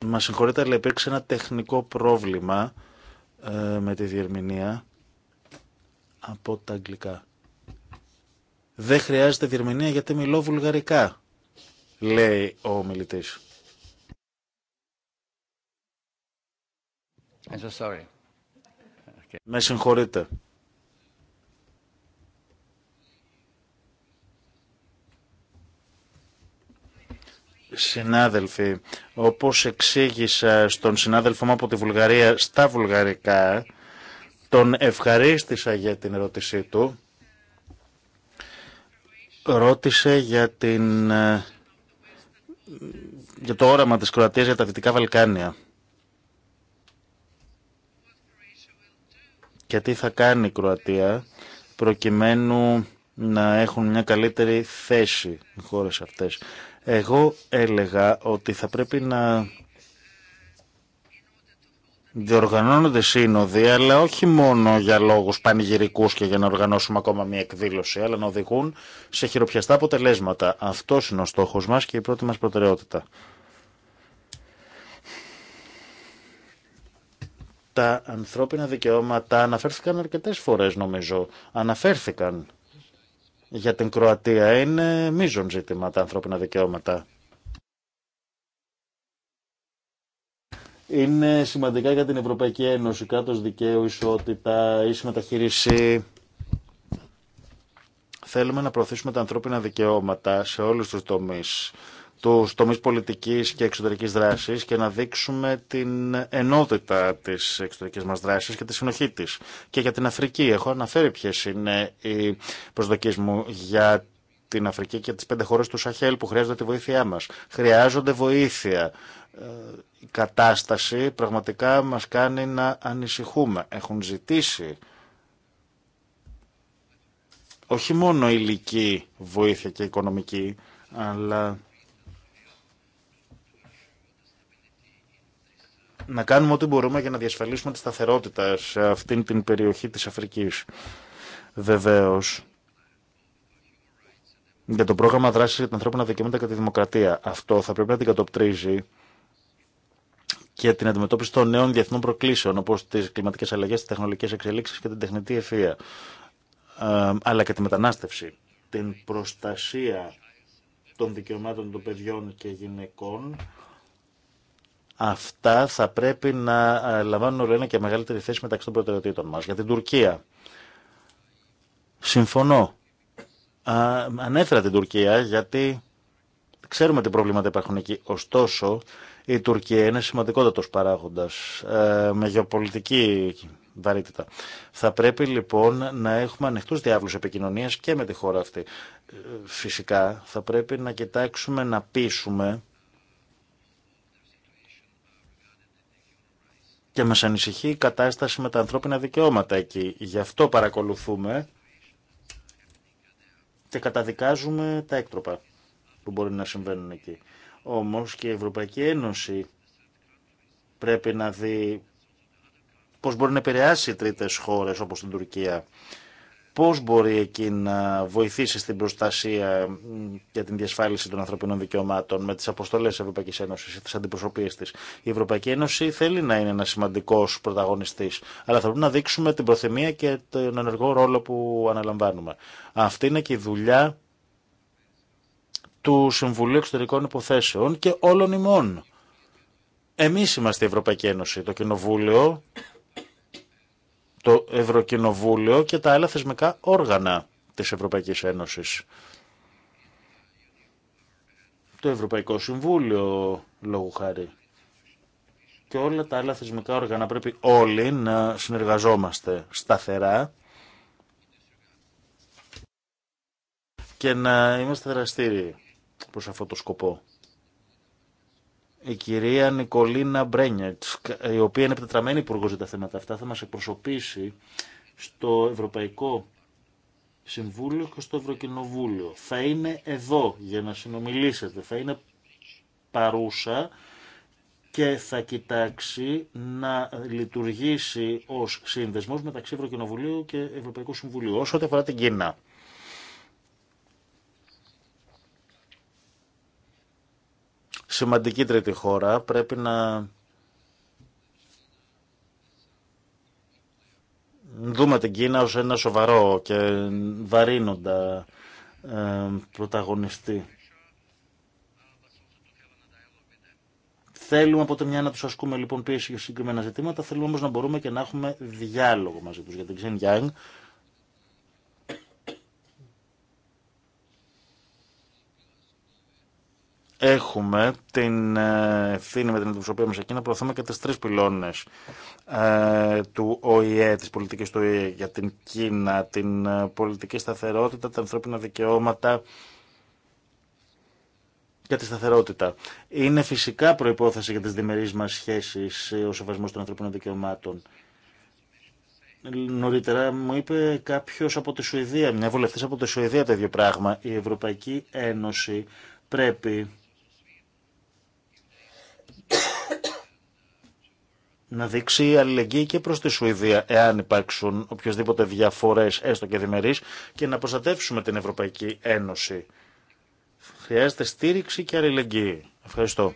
Μα συγχωρείτε, αλλά υπήρξε ένα τεχνικό πρόβλημα ε, με τη διερμηνία από τα αγγλικά. Δεν χρειάζεται διερμηνία γιατί μιλώ βουλγαρικά, λέει ο μιλητής. Με συγχωρείτε. Συνάδελφοι, όπως εξήγησα στον συνάδελφο μου από τη Βουλγαρία στα βουλγαρικά, τον ευχαρίστησα για την ερώτησή του. Ρώτησε για, την, ε, για το όραμα της Κροατίας για τα Δυτικά Βαλκάνια. Και τι θα κάνει η Κροατία προκειμένου να έχουν μια καλύτερη θέση οι χώρες αυτές. Εγώ έλεγα ότι θα πρέπει να διοργανώνονται σύνοδοι, αλλά όχι μόνο για λόγους πανηγυρικούς και για να οργανώσουμε ακόμα μια εκδήλωση, αλλά να οδηγούν σε χειροπιαστά αποτελέσματα. Αυτό είναι ο στόχος μας και η πρώτη μας προτεραιότητα. Τα ανθρώπινα δικαιώματα αναφέρθηκαν αρκετές φορές νομίζω. Αναφέρθηκαν για την Κροατία είναι μείζον ζήτημα τα ανθρώπινα δικαιώματα. Είναι σημαντικά για την Ευρωπαϊκή Ένωση, κάτω δικαίου, ισότητα, ίση μεταχείριση. Θέλουμε να προωθήσουμε τα ανθρώπινα δικαιώματα σε όλους τους τομείς του τομεί πολιτική και εξωτερική δράση και να δείξουμε την ενότητα τη εξωτερική μα δράση και τη συνοχή τη. Και για την Αφρική, έχω αναφέρει ποιε είναι οι προσδοκίε μου για την Αφρική και τι πέντε χώρε του Σαχέλ που χρειάζονται τη βοήθειά μα. Χρειάζονται βοήθεια. Ε, η κατάσταση πραγματικά μας κάνει να ανησυχούμε. Έχουν ζητήσει όχι μόνο ηλική βοήθεια και οικονομική, αλλά να κάνουμε ό,τι μπορούμε για να διασφαλίσουμε τη σταθερότητα σε αυτήν την περιοχή της Αφρικής. Βεβαίως, για το πρόγραμμα δράσης για τα ανθρώπινα δικαιώματα και τη δημοκρατία. Αυτό θα πρέπει να την κατοπτρίζει και την αντιμετώπιση των νέων διεθνών προκλήσεων, όπως τις κλιματικές αλλαγές, τις τεχνολογικές εξελίξεις και την τεχνητή ευφία, αλλά και τη μετανάστευση, την προστασία των δικαιωμάτων των παιδιών και γυναικών, αυτά θα πρέπει να ε, λαμβάνουν όλο ένα και μεγαλύτερη θέση μεταξύ των προτεραιοτήτων μας. Για την Τουρκία. Συμφωνώ. ανέφερα την Τουρκία γιατί ξέρουμε τι προβλήματα υπάρχουν εκεί. Ωστόσο, η Τουρκία είναι σημαντικότατος παράγοντας ε, με γεωπολιτική βαρύτητα. Θα πρέπει λοιπόν να έχουμε ανοιχτούς διάβλους επικοινωνίας και με τη χώρα αυτή. Ε, φυσικά θα πρέπει να κοιτάξουμε να πείσουμε Και μας ανησυχεί η κατάσταση με τα ανθρώπινα δικαιώματα εκεί. Γι' αυτό παρακολουθούμε και καταδικάζουμε τα έκτροπα που μπορεί να συμβαίνουν εκεί. Όμως και η Ευρωπαϊκή Ένωση πρέπει να δει πώς μπορεί να επηρεάσει τρίτες χώρες όπως την Τουρκία πώς μπορεί εκεί να βοηθήσει στην προστασία και την διασφάλιση των ανθρωπίνων δικαιωμάτων με τις αποστολές της Ευρωπαϊκής Ένωσης, τις αντιπροσωπείες της. Η Ευρωπαϊκή Ένωση θέλει να είναι ένας σημαντικός πρωταγωνιστής, αλλά θα πρέπει να δείξουμε την προθεμία και τον ενεργό ρόλο που αναλαμβάνουμε. Αυτή είναι και η δουλειά του Συμβουλίου Εξωτερικών Υποθέσεων και όλων ημών. Εμείς είμαστε η Ευρωπαϊκή Ένωση, το Κοινοβούλιο, το Ευρωκοινοβούλιο και τα άλλα θεσμικά όργανα της Ευρωπαϊκής Ένωσης. Το Ευρωπαϊκό Συμβούλιο, λόγου χάρη. Και όλα τα άλλα θεσμικά όργανα πρέπει όλοι να συνεργαζόμαστε σταθερά και να είμαστε δραστήριοι προς αυτό το σκοπό η κυρία Νικολίνα Μπρένιετσκ, η οποία είναι επιτετραμένη υπουργό για τα θέματα αυτά, θα μα εκπροσωπήσει στο Ευρωπαϊκό Συμβούλιο και στο Ευρωκοινοβούλιο. Θα είναι εδώ για να συνομιλήσετε, θα είναι παρούσα και θα κοιτάξει να λειτουργήσει ως σύνδεσμος μεταξύ Ευρωκοινοβουλίου και Ευρωπαϊκού Συμβουλίου. Όσο αφορά την Κίνα, σημαντική τρίτη χώρα. Πρέπει να δούμε την Κίνα ως ένα σοβαρό και βαρύνοντα ε, πρωταγωνιστή. Θέλουμε από τη μια να τους ασκούμε λοιπόν πίεση για συγκεκριμένα ζητήματα, θέλουμε όμως να μπορούμε και να έχουμε διάλογο μαζί τους Για την Ξέν Γιάνγκ έχουμε την ε, ευθύνη με την αντιπροσωπεία μας εκεί να προωθούμε και τις τρεις πυλώνες ε, του ΟΗΕ, της πολιτικής του ΟΗΕ για την Κίνα, την ε, πολιτική σταθερότητα, τα ανθρώπινα δικαιώματα και τη σταθερότητα. Είναι φυσικά προϋπόθεση για τις διμερείς μας σχέσεις ο σεβασμός των ανθρώπινων δικαιωμάτων. Νωρίτερα μου είπε κάποιο από τη Σουηδία, μια βουλευτή από τη Σουηδία το ίδιο πράγμα. Η Ευρωπαϊκή Ένωση πρέπει να δείξει αλληλεγγύη και προς τη Σουηδία εάν υπάρξουν οποιασδήποτε διαφορές έστω και διμερεί, και να προστατεύσουμε την Ευρωπαϊκή Ένωση. Χρειάζεται στήριξη και αλληλεγγύη. Ευχαριστώ.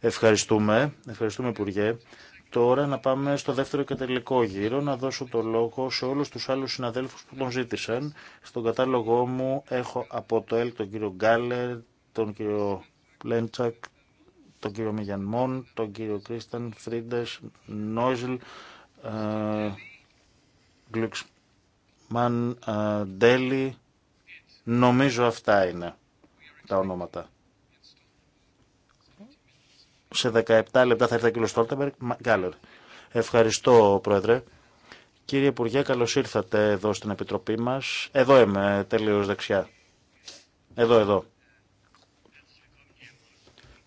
Ευχαριστούμε. Ευχαριστούμε Υπουργέ. Τώρα να πάμε στο δεύτερο και τελικό γύρο, να δώσω το λόγο σε όλους τους άλλους συναδέλφους που τον ζήτησαν. Στον κατάλογό μου έχω από το ΕΛ τον κύριο Γκάλερ, τον κύριο Πλέντσακ, τον κύριο Μιγιανμόν, τον κύριο Κρίσταν, Φρίντες, Νόιζλ, ε, Γκλουξμαν, ε, Ντέλη. Νομίζω αυτά είναι τα ονόματα. Σε 17 λεπτά θα έρθει ο κύριο Στόλτεμπεργκ. Ευχαριστώ, Πρόεδρε. Κύριε Υπουργέ, καλώς ήρθατε εδώ στην Επιτροπή μας. Εδώ είμαι, τελείως δεξιά. Εδώ, εδώ.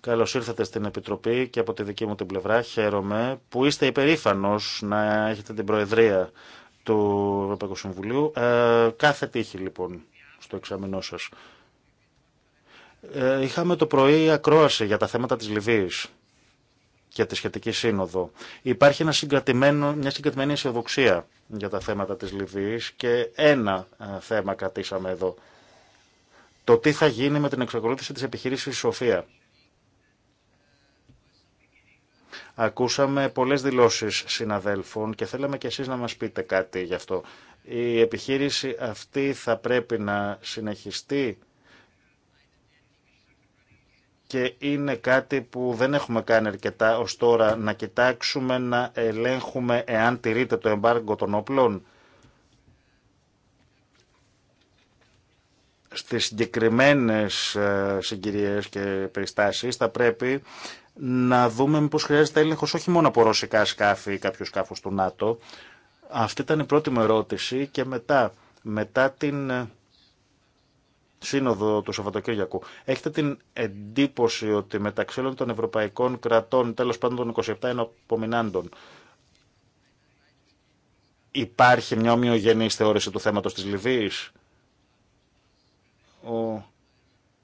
Καλώ ήρθατε στην Επιτροπή και από τη δική μου την πλευρά χαίρομαι που είστε υπερήφανο να έχετε την Προεδρία του Ευρωπαϊκού Συμβουλίου. Ε, κάθε τύχη λοιπόν στο εξαμεινό σα. Ε, είχαμε το πρωί ακρόαση για τα θέματα της Λιβύης και τη σχετική σύνοδο. Υπάρχει ένα συγκρατημένο, μια συγκρατημένη αισιοδοξία για τα θέματα της Λιβύης και ένα ε, θέμα κρατήσαμε εδώ. Το τι θα γίνει με την εξακολούθηση της επιχείρησης Σοφία Ακούσαμε πολλές δηλώσεις συναδέλφων και θέλαμε και εσείς να μας πείτε κάτι γι' αυτό. Η επιχείρηση αυτή θα πρέπει να συνεχιστεί και είναι κάτι που δεν έχουμε κάνει αρκετά ως τώρα να κοιτάξουμε να ελέγχουμε εάν τηρείται το εμπάργκο των όπλων. στις συγκεκριμένες ε, συγκυρίες και περιστάσεις θα πρέπει να δούμε μήπως χρειάζεται έλεγχος όχι μόνο από ρωσικά σκάφη ή κάποιο σκάφος του ΝΑΤΟ. Αυτή ήταν η πρώτη μου ερώτηση και μετά, μετά την ε, σύνοδο του Σαββατοκύριακου. Έχετε την εντύπωση ότι μεταξύ όλων των ευρωπαϊκών κρατών, τέλος πάντων των 27 ενωπομινάντων, υπάρχει μια ομοιογενής θεώρηση του θέματος της Λιβύης. Ο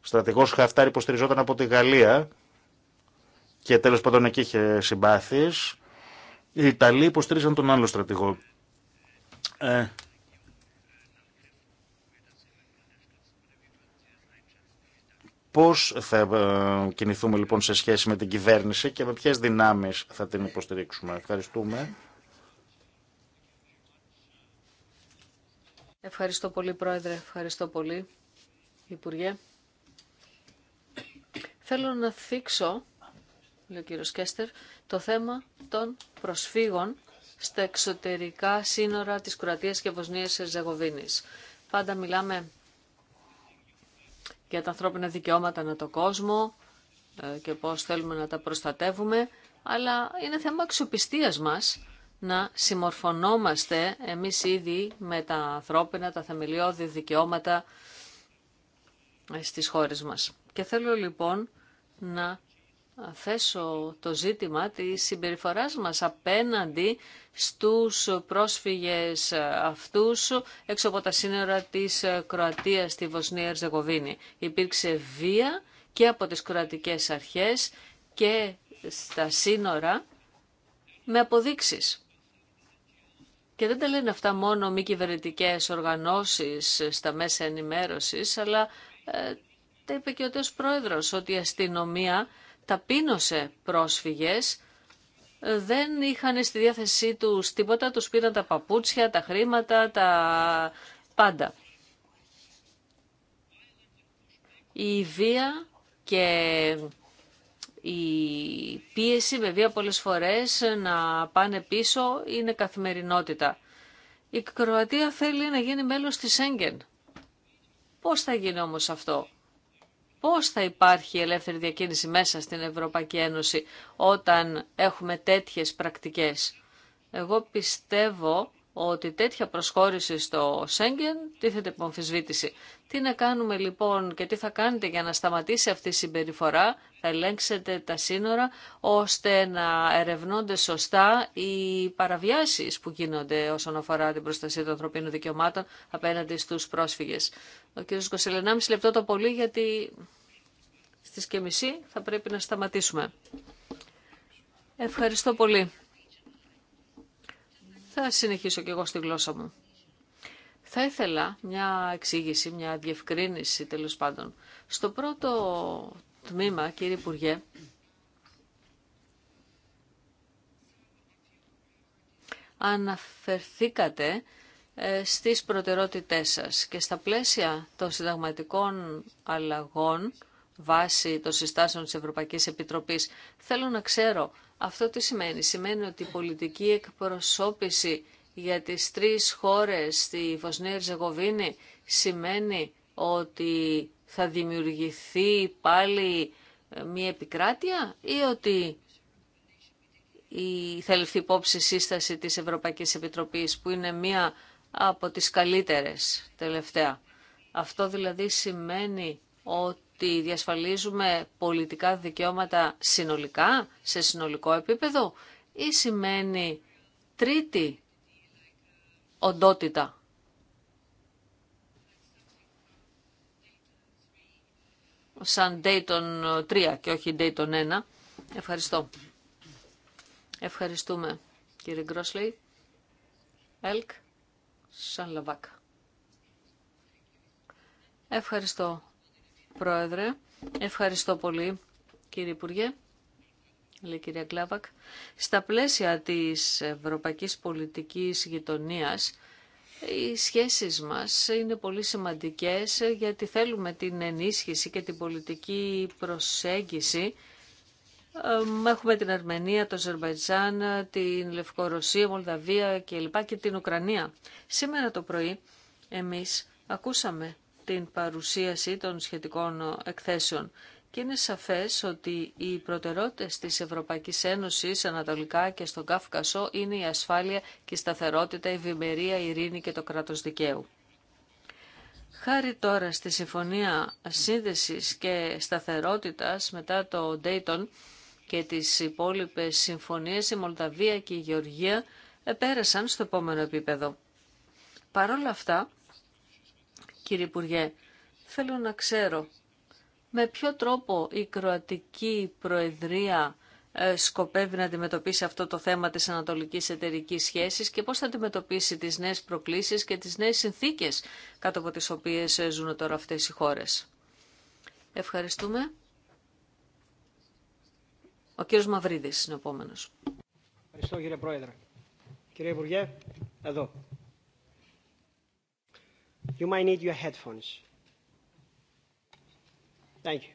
στρατηγός Χαφτάρ υποστηριζόταν από τη Γαλλία και τέλος πάντων εκεί είχε συμπάθειες. Οι Ιταλοί υποστήριζαν τον άλλο στρατηγό. Ε, Πώς θα ε, κινηθούμε λοιπόν σε σχέση με την κυβέρνηση και με ποιες δυνάμεις θα την υποστηρίξουμε. Ευχαριστούμε. Ευχαριστώ πολύ Πρόεδρε, ευχαριστώ πολύ Υπουργέ. Θέλω να θίξω το θέμα των προσφύγων στα εξωτερικά σύνορα της Κροατίας και Βοσνίας Ζεγοβίνης. Πάντα μιλάμε για τα ανθρώπινα δικαιώματα ανά το κόσμο ε, και πώς θέλουμε να τα προστατεύουμε, αλλά είναι θέμα αξιοπιστίας μας να συμμορφωνόμαστε εμείς ήδη με τα ανθρώπινα, τα θεμελιώδη δικαιώματα ε, στις χώρες μας. Και θέλω λοιπόν να θέσω το ζήτημα της συμπεριφοράς μας απέναντι στους πρόσφυγες αυτούς έξω από τα σύνορα της Κροατίας στη Βοσνία Ερζεγοβίνη. Υπήρξε βία και από τις κροατικές αρχές και στα σύνορα με αποδείξεις. Και δεν τα λένε αυτά μόνο μη κυβερνητικέ οργανώσεις στα μέσα ενημέρωσης, αλλά ε, τα είπε και ο τέος πρόεδρος ότι η αστυνομία τα ταπείνωσε πρόσφυγες, δεν είχαν στη διάθεσή τους τίποτα, τους πήραν τα παπούτσια, τα χρήματα, τα πάντα. Η βία και η πίεση με βία πολλές φορές να πάνε πίσω είναι καθημερινότητα. Η Κροατία θέλει να γίνει μέλος της Σέγγεν. Πώς θα γίνει όμως αυτό πώς θα υπάρχει ελεύθερη διακίνηση μέσα στην Ευρωπαϊκή Ένωση όταν έχουμε τέτοιες πρακτικές. Εγώ πιστεύω ότι τέτοια προσχώρηση στο Σέγγεν τίθεται υπό αμφισβήτηση. Τι να κάνουμε λοιπόν και τι θα κάνετε για να σταματήσει αυτή η συμπεριφορά, θα ελέγξετε τα σύνορα ώστε να ερευνώνται σωστά οι παραβιάσεις που γίνονται όσον αφορά την προστασία των ανθρωπίνων δικαιωμάτων απέναντι στους πρόσφυγες. Ο κ. μισή λεπτό το πολύ γιατί στις και μισή θα πρέπει να σταματήσουμε. Ευχαριστώ πολύ. Θα συνεχίσω και εγώ στη γλώσσα μου. Θα ήθελα μια εξήγηση, μια διευκρίνηση τέλο πάντων. Στο πρώτο τμήμα, κύριε Υπουργέ, αναφερθήκατε ε, στις προτερότητές σας και στα πλαίσια των συνταγματικών αλλαγών βάσει των συστάσεων της Ευρωπαϊκής Επιτροπής. Θέλω να ξέρω αυτό τι σημαίνει. Σημαίνει ότι η πολιτική εκπροσώπηση για τις τρεις χώρες στη Βοσνία Ριζεγοβίνη σημαίνει ότι θα δημιουργηθεί πάλι ε, μια επικράτεια ή ότι η, θα ληφθεί υπόψη σύσταση της Ευρωπαϊκής Επιτροπής που είναι μία από τις καλύτερες τελευταία. Αυτό δηλαδή σημαίνει ότι ότι διασφαλίζουμε πολιτικά δικαιώματα συνολικά, σε συνολικό επίπεδο, ή σημαίνει τρίτη οντότητα. Σαν Dayton 3 και όχι Dayton 1. Ευχαριστώ. Ευχαριστούμε κύριε Γκρόσλεϊ. Ελκ Σαν Ευχαριστώ Πρόεδρε. Ευχαριστώ πολύ, κύριε Υπουργέ. Λέει κυρία Κλάβακ. Στα πλαίσια της ευρωπαϊκής πολιτικής γειτονίας, οι σχέσεις μας είναι πολύ σημαντικές γιατί θέλουμε την ενίσχυση και την πολιτική προσέγγιση. Έχουμε την Αρμενία, το Ζερβαϊτζάν, την Λευκορωσία, Μολδαβία και και την Ουκρανία. Σήμερα το πρωί εμείς ακούσαμε την παρουσίαση των σχετικών εκθέσεων. Και είναι σαφές ότι οι προτεραιότητες της Ευρωπαϊκής Ένωσης ανατολικά και στον Κάφκασο είναι η ασφάλεια και η σταθερότητα, η ευημερία, η ειρήνη και το κράτος δικαίου. Χάρη τώρα στη Συμφωνία Σύνδεσης και Σταθερότητας μετά το Dayton και τις υπόλοιπες συμφωνίες, η Μολδαβία και η Γεωργία επέρασαν στο επόμενο επίπεδο. Παρ' όλα αυτά, κύριε Υπουργέ, θέλω να ξέρω με ποιο τρόπο η Κροατική Προεδρία ε, σκοπεύει να αντιμετωπίσει αυτό το θέμα της ανατολικής εταιρική σχέσης και πώς θα αντιμετωπίσει τις νέες προκλήσεις και τις νέες συνθήκες κάτω από τις οποίες ε, ζουν τώρα αυτές οι χώρες. Ευχαριστούμε. Ο κύριος Μαυρίδης είναι ο επόμενος. Ευχαριστώ κύριε Πρόεδρε. Κύριε Υπουργέ, εδώ. You might need your headphones. Thank you.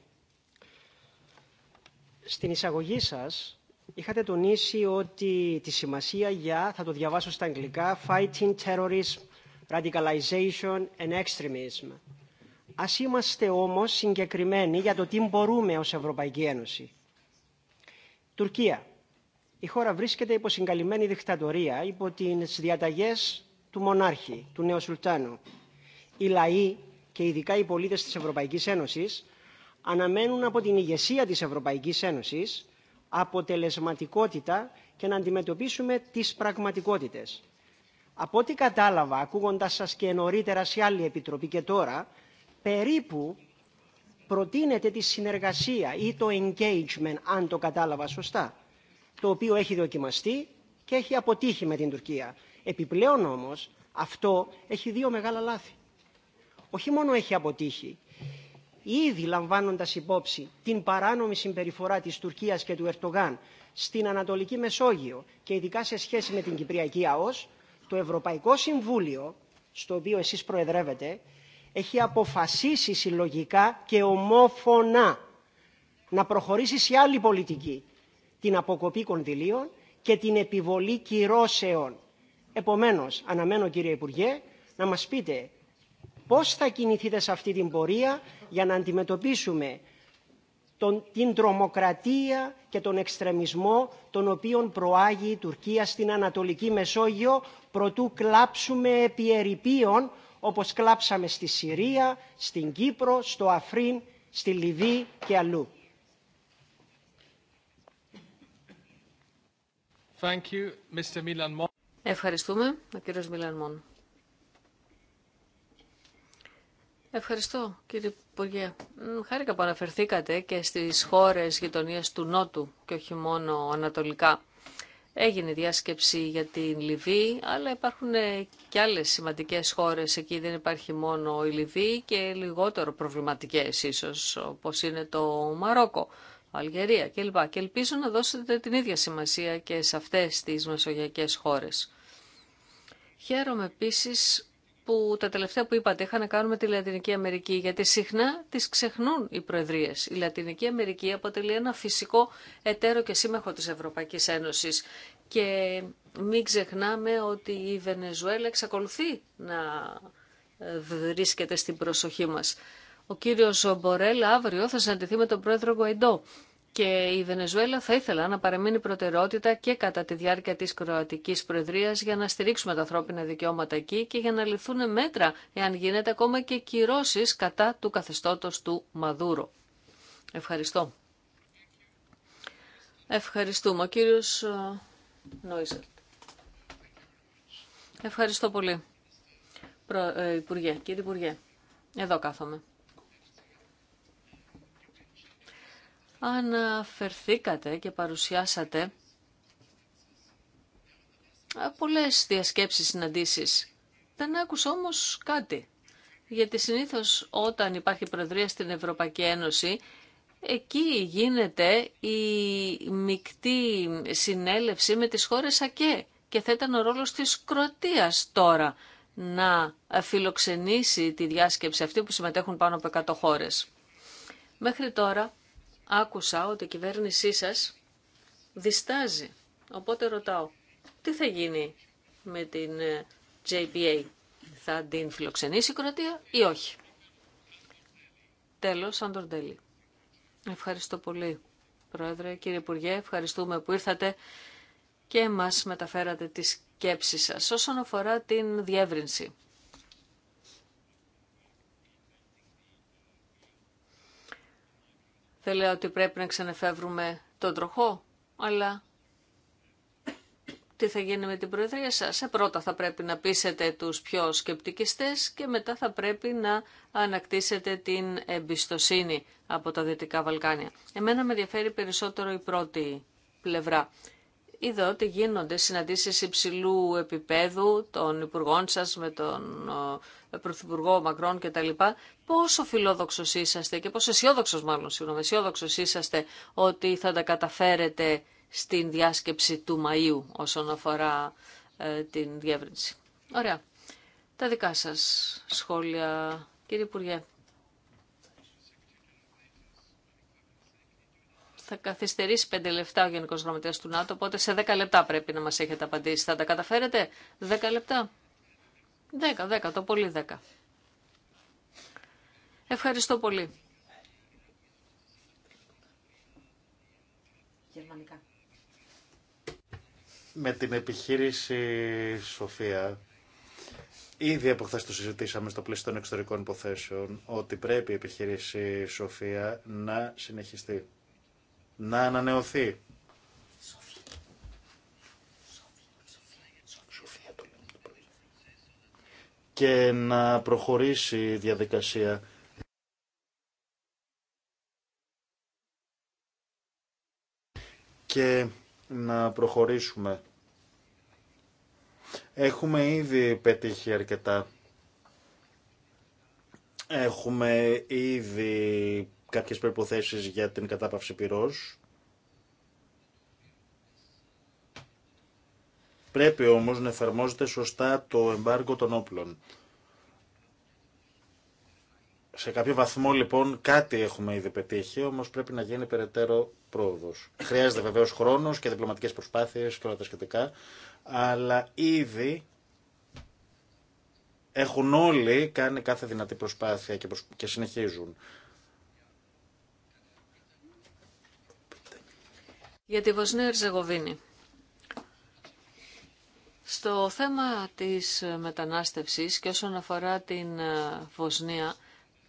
Στην εισαγωγή σας είχατε τονίσει ότι τη σημασία για, θα το διαβάσω στα αγγλικά, fighting terrorism, radicalization and extremism. Ας είμαστε όμως συγκεκριμένοι για το τι μπορούμε ως Ευρωπαϊκή Ένωση. Τουρκία. Η χώρα βρίσκεται υπό συγκαλυμμένη δικτατορία, υπό τις διαταγές του μονάρχη, του νέου σουλτάνου οι λαοί και ειδικά οι πολίτες της Ευρωπαϊκής Ένωσης αναμένουν από την ηγεσία της Ευρωπαϊκής Ένωσης αποτελεσματικότητα και να αντιμετωπίσουμε τις πραγματικότητες. Από ό,τι κατάλαβα, ακούγοντα σας και νωρίτερα σε άλλη επιτροπή και τώρα, περίπου προτείνεται τη συνεργασία ή το engagement, αν το κατάλαβα σωστά, το οποίο έχει δοκιμαστεί και έχει αποτύχει με την Τουρκία. Επιπλέον όμως, αυτό έχει δύο μεγάλα λάθη όχι μόνο έχει αποτύχει, ήδη λαμβάνοντας υπόψη την παράνομη συμπεριφορά της Τουρκίας και του Ερτογάν στην Ανατολική Μεσόγειο και ειδικά σε σχέση με την Κυπριακή ΑΟΣ, το Ευρωπαϊκό Συμβούλιο, στο οποίο εσείς προεδρεύετε, έχει αποφασίσει συλλογικά και ομόφωνα να προχωρήσει σε άλλη πολιτική, την αποκοπή κονδυλίων και την επιβολή κυρώσεων. Επομένως, αναμένω κύριε Υπουργέ, να μας πείτε πώς θα κινηθείτε σε αυτή την πορεία για να αντιμετωπίσουμε την τρομοκρατία και τον εξτρεμισμό τον οποίον προάγει η Τουρκία στην Ανατολική Μεσόγειο προτού κλάψουμε επί ερυπείων όπως κλάψαμε στη Συρία, στην Κύπρο, στο Αφρίν, στη Λιβύη και αλλού. Thank you, Mr. Milan Ευχαριστούμε, ο κύριος Μιλανμόν. Ευχαριστώ κύριε Υπουργέ. Χάρηκα που αναφερθήκατε και στις χώρες γειτονία του Νότου και όχι μόνο ανατολικά. Έγινε διάσκεψη για την Λιβύη, αλλά υπάρχουν ε, και άλλες σημαντικές χώρες. Εκεί δεν υπάρχει μόνο η Λιβύη και λιγότερο προβληματικές ίσως, όπως είναι το Μαρόκο, Αλγερία κλπ. Και ελπίζω να δώσετε την ίδια σημασία και σε αυτές τις μεσογειακές χώρες. Χαίρομαι επίσης που τα τελευταία που είπατε είχαν να κάνουν με τη Λατινική Αμερική, γιατί συχνά τις ξεχνούν οι προεδρίες. Η Λατινική Αμερική αποτελεί ένα φυσικό εταίρο και σύμμαχο της Ευρωπαϊκής Ένωσης. Και μην ξεχνάμε ότι η Βενεζουέλα εξακολουθεί να ε, βρίσκεται στην προσοχή μας. Ο κύριος Μπορέλ αύριο θα συναντηθεί με τον πρόεδρο Γκουαϊντό και η Βενεζουέλα θα ήθελα να παραμείνει προτεραιότητα και κατά τη διάρκεια της Κροατικής Προεδρίας για να στηρίξουμε τα ανθρώπινα δικαιώματα εκεί και για να λυθούν μέτρα, εάν γίνεται ακόμα και κυρώσεις κατά του καθεστώτος του Μαδούρο. Ευχαριστώ. Ευχαριστούμε. Ο κύριος ε, Νόιζελτ. Ευχαριστώ πολύ, ε, Υπουργέ. Κύριε Υπουργέ, εδώ κάθομαι. αναφερθήκατε και παρουσιάσατε ε, πολλές διασκέψεις, συναντήσεις. Δεν άκουσα όμως κάτι. Γιατί συνήθως όταν υπάρχει προεδρία στην Ευρωπαϊκή Ένωση, εκεί γίνεται η μικτή συνέλευση με τις χώρες ΑΚΕ. Και θα ήταν ο ρόλος της Κροατίας τώρα να φιλοξενήσει τη διάσκεψη αυτή που συμμετέχουν πάνω από 100 χώρες. Μέχρι τώρα άκουσα ότι η κυβέρνησή σας διστάζει. Οπότε ρωτάω, τι θα γίνει με την ε, JPA, θα την φιλοξενήσει η Κροατία ή όχι. Τέλος, Ντέλη. Ευχαριστώ πολύ, Πρόεδρε. Κύριε Υπουργέ, ευχαριστούμε που ήρθατε και μας μεταφέρατε τις σκέψεις σας όσον αφορά την διεύρυνση. Δεν λέω ότι πρέπει να ξανεφεύρουμε τον τροχό, αλλά τι θα γίνει με την Προεδρία σας. Ε, πρώτα θα πρέπει να πείσετε τους πιο σκεπτικιστές και μετά θα πρέπει να ανακτήσετε την εμπιστοσύνη από τα Δυτικά Βαλκάνια. Εμένα με ενδιαφέρει περισσότερο η πρώτη πλευρά είδα ότι γίνονται συναντήσεις υψηλού επίπεδου των υπουργών σας με τον Πρωθυπουργό Μακρόν και τα λοιπά. Πόσο φιλόδοξο είσαστε και πόσο αισιόδοξο μάλλον, συγγνώμη, αισιόδοξο είσαστε ότι θα τα καταφέρετε στην διάσκεψη του Μαΐου όσον αφορά ε, την διεύρυνση. Ωραία. Τα δικά σας σχόλια, κύριε Υπουργέ. Θα καθυστερήσει 5 λεπτά ο Γενικό Γραμματέα του ΝΑΤΟ, οπότε σε 10 λεπτά πρέπει να μα έχετε απαντήσει. Θα τα καταφέρετε, 10 λεπτά. 10, 10, το πολύ 10. Ευχαριστώ πολύ. Γερμανικά. Με την επιχείρηση Σοφία, Ήδη από χθε το συζητήσαμε στο πλαίσιο των εξωτερικών υποθέσεων ότι πρέπει η επιχείρηση Σοφία να συνεχιστεί να ανανεωθεί. και να προχωρήσει η διαδικασία. Και να προχωρήσουμε. Έχουμε ήδη πετύχει αρκετά. Έχουμε ήδη κάποιες προϋποθέσεις για την κατάπαυση πυρός. Πρέπει όμως να εφαρμόζεται σωστά το εμπάργκο των όπλων. Σε κάποιο βαθμό λοιπόν κάτι έχουμε ήδη πετύχει, όμως πρέπει να γίνει περαιτέρω πρόοδος. Χρειάζεται βεβαίως χρόνος και διπλωματικές προσπάθειες και όλα τα σχετικά, αλλά ήδη έχουν όλοι κάνει κάθε δυνατή προσπάθεια και συνεχίζουν. για τη Βοσνία Ερζεγοβίνη. Στο θέμα της μετανάστευσης και όσον αφορά την ε, Βοσνία,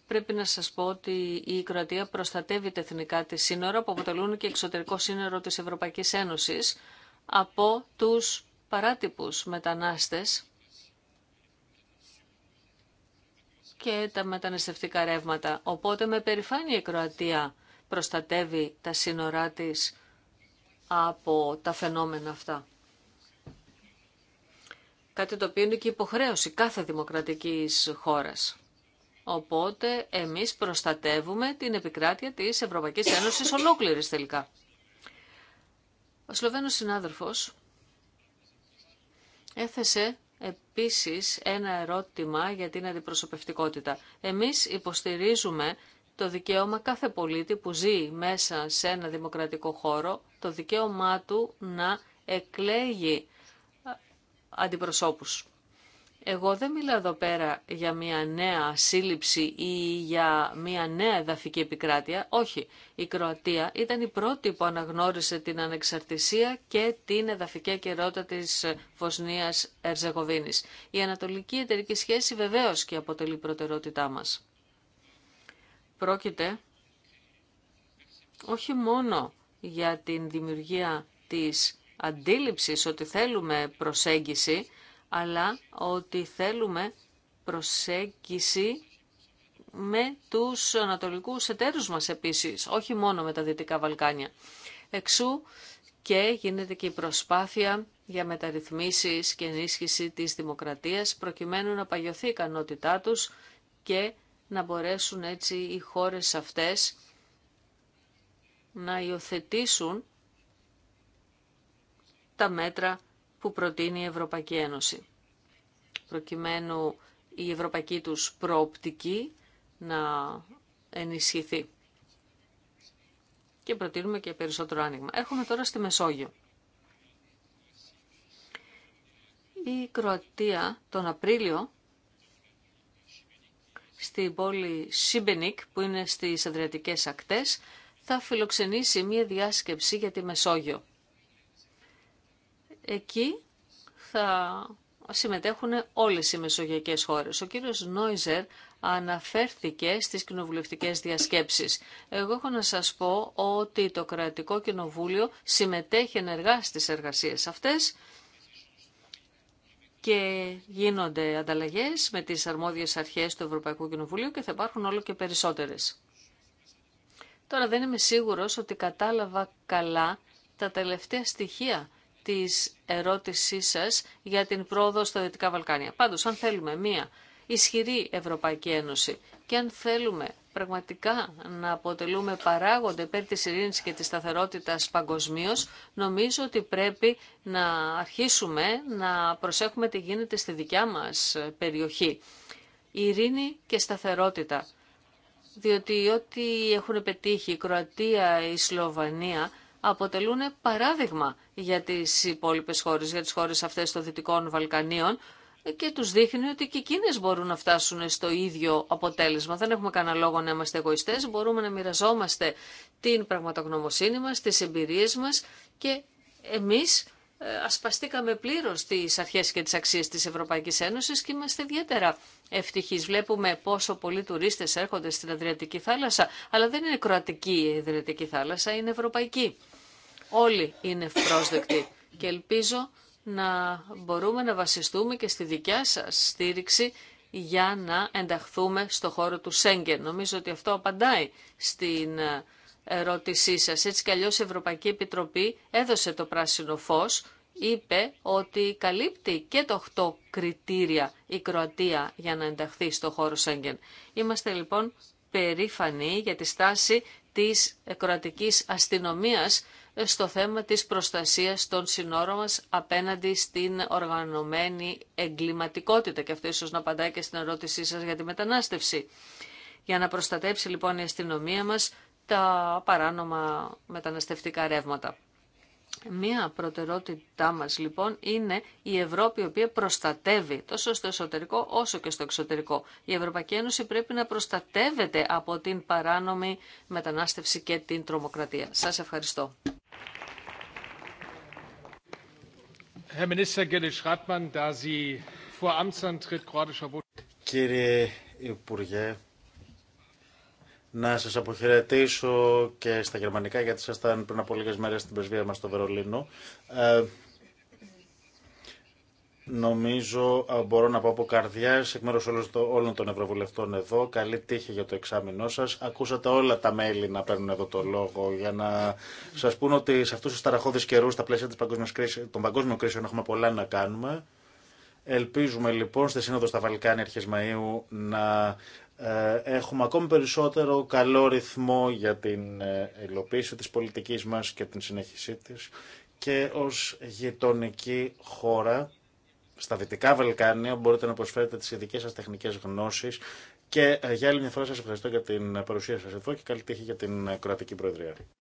πρέπει να σας πω ότι η Κροατία προστατεύει τα εθνικά σύνορα που αποτελούν και εξωτερικό σύνορο της Ευρωπαϊκής Ένωσης από τους παράτυπους μετανάστες και τα μεταναστευτικά ρεύματα. Οπότε με περηφάνεια η Κροατία προστατεύει τα σύνορά της από τα φαινόμενα αυτά. Κάτι το οποίο είναι και υποχρέωση κάθε δημοκρατικής χώρας. Οπότε εμείς προστατεύουμε την επικράτεια της Ευρωπαϊκής Ένωσης ολόκληρης τελικά. Ο Σλοβαίνος συνάδελφος έθεσε επίσης ένα ερώτημα για την αντιπροσωπευτικότητα. Εμείς υποστηρίζουμε το δικαίωμα κάθε πολίτη που ζει μέσα σε ένα δημοκρατικό χώρο το δικαίωμά του να εκλέγει αντιπροσώπους. Εγώ δεν μιλάω εδώ πέρα για μια νέα σύλληψη ή για μια νέα εδαφική επικράτεια. Όχι, η Κροατία ήταν η πρώτη που αναγνώρισε την ανεξαρτησία και την εδαφική ακαιρότητα της Βοσνίας Ερζεγοβίνης. Η ανατολική εταιρική σχέση βεβαίως και αποτελεί προτεραιότητά μας. Πρόκειται όχι μόνο για την δημιουργία της αντίληψης ότι θέλουμε προσέγγιση, αλλά ότι θέλουμε προσέγγιση με τους ανατολικούς εταίρους μας επίσης, όχι μόνο με τα Δυτικά Βαλκάνια. Εξού και γίνεται και η προσπάθεια για μεταρρυθμίσεις και ενίσχυση της δημοκρατίας προκειμένου να παγιωθεί η ικανότητά τους και να μπορέσουν έτσι οι χώρες αυτές να υιοθετήσουν τα μέτρα που προτείνει η Ευρωπαϊκή Ένωση. Προκειμένου η ευρωπαϊκή τους προοπτική να ενισχυθεί. Και προτείνουμε και περισσότερο άνοιγμα. Έρχομαι τώρα στη Μεσόγειο. Η Κροατία τον Απρίλιο στην πόλη Σίμπενικ που είναι στις Αδριατικές Ακτές θα φιλοξενήσει μία διάσκεψη για τη Μεσόγειο. Εκεί θα συμμετέχουν όλες οι μεσογειακές χώρες. Ο κύριος Νόιζερ αναφέρθηκε στις κοινοβουλευτικές διασκέψεις. Εγώ έχω να σας πω ότι το Κρατικό Κοινοβούλιο συμμετέχει ενεργά στις εργασίες αυτές και γίνονται ανταλλαγές με τις αρμόδιες αρχές του Ευρωπαϊκού Κοινοβουλίου και θα υπάρχουν όλο και περισσότερες. Τώρα δεν είμαι σίγουρος ότι κατάλαβα καλά τα τελευταία στοιχεία της ερώτησής σας για την πρόοδο στα Δυτικά Βαλκάνια. Πάντως, αν θέλουμε μία ισχυρή Ευρωπαϊκή Ένωση και αν θέλουμε πραγματικά να αποτελούμε παράγοντα υπέρ της ειρήνης και της σταθερότητας παγκοσμίω, νομίζω ότι πρέπει να αρχίσουμε να προσέχουμε τι γίνεται στη δικιά μας περιοχή. Η ειρήνη και σταθερότητα διότι ό,τι έχουν πετύχει η Κροατία, η Σλοβανία αποτελούν παράδειγμα για τις υπόλοιπες χώρες, για τις χώρες αυτές των Δυτικών Βαλκανίων και τους δείχνει ότι και εκείνες μπορούν να φτάσουν στο ίδιο αποτέλεσμα. Δεν έχουμε κανένα λόγο να είμαστε εγωιστές, μπορούμε να μοιραζόμαστε την πραγματογνωμοσύνη μας, τις εμπειρίες μας και εμείς ασπαστήκαμε πλήρως τι αρχές και τις αξίες της Ευρωπαϊκής Ένωσης και είμαστε ιδιαίτερα ευτυχεί. Βλέπουμε πόσο πολλοί τουρίστες έρχονται στην Αδριατική θάλασσα, αλλά δεν είναι κροατική η Αδριατική θάλασσα, είναι ευρωπαϊκή. Όλοι είναι ευπρόσδεκτοι και ελπίζω να μπορούμε να βασιστούμε και στη δικιά σας στήριξη για να ενταχθούμε στο χώρο του Σέγγεν. Νομίζω ότι αυτό απαντάει στην ε, ερώτησή σας. Έτσι κι αλλιώς η Ευρωπαϊκή Επιτροπή έδωσε το πράσινο φως, είπε ότι καλύπτει και το 8 κριτήρια η Κροατία για να ενταχθεί στο χώρο Σέγγεν. Είμαστε λοιπόν περήφανοι για τη στάση της κροατικής αστυνομίας στο θέμα της προστασίας των συνόρων μας απέναντι στην οργανωμένη εγκληματικότητα και αυτό ίσως να απαντάει και στην ερώτησή σας για τη μετανάστευση. Για να προστατέψει λοιπόν η αστυνομία μας τα παράνομα μεταναστευτικά ρεύματα. Μία προτεραιότητά μας λοιπόν είναι η Ευρώπη η οποία προστατεύει τόσο στο εσωτερικό όσο και στο εξωτερικό. Η Ευρωπαϊκή Ένωση πρέπει να προστατεύεται από την παράνομη μετανάστευση και την τρομοκρατία. Σας ευχαριστώ. Κύριε Υπουργέ, να σας αποχαιρετήσω και στα γερμανικά γιατί ήταν πριν από λίγες μέρες στην πρεσβεία μας στο Βερολίνο. Ε, νομίζω ε, μπορώ να πω από καρδιάς εκ μέρους όλων των ευρωβουλευτών εδώ. Καλή τύχη για το εξάμεινό σας. Ακούσατε όλα τα μέλη να παίρνουν εδώ το λόγο για να σας πούν ότι σε αυτούς τους ταραχώδεις καιρούς στα πλαίσια της παγκόσμιας κρίσης, των παγκόσμιων κρίσεων έχουμε πολλά να κάνουμε. Ελπίζουμε λοιπόν στη Σύνοδο στα Βαλκάνια αρχές Μαΐου να ε, έχουμε ακόμη περισσότερο καλό ρυθμό για την ε, υλοποίηση της πολιτικής μας και την συνέχισή της και ως γειτονική χώρα στα Δυτικά Βαλκάνια μπορείτε να προσφέρετε τις ειδικές σας τεχνικές γνώσεις και ε, για άλλη μια φορά σας ευχαριστώ για την παρουσία σας εδώ και καλή τύχη για την κρατική προεδρία.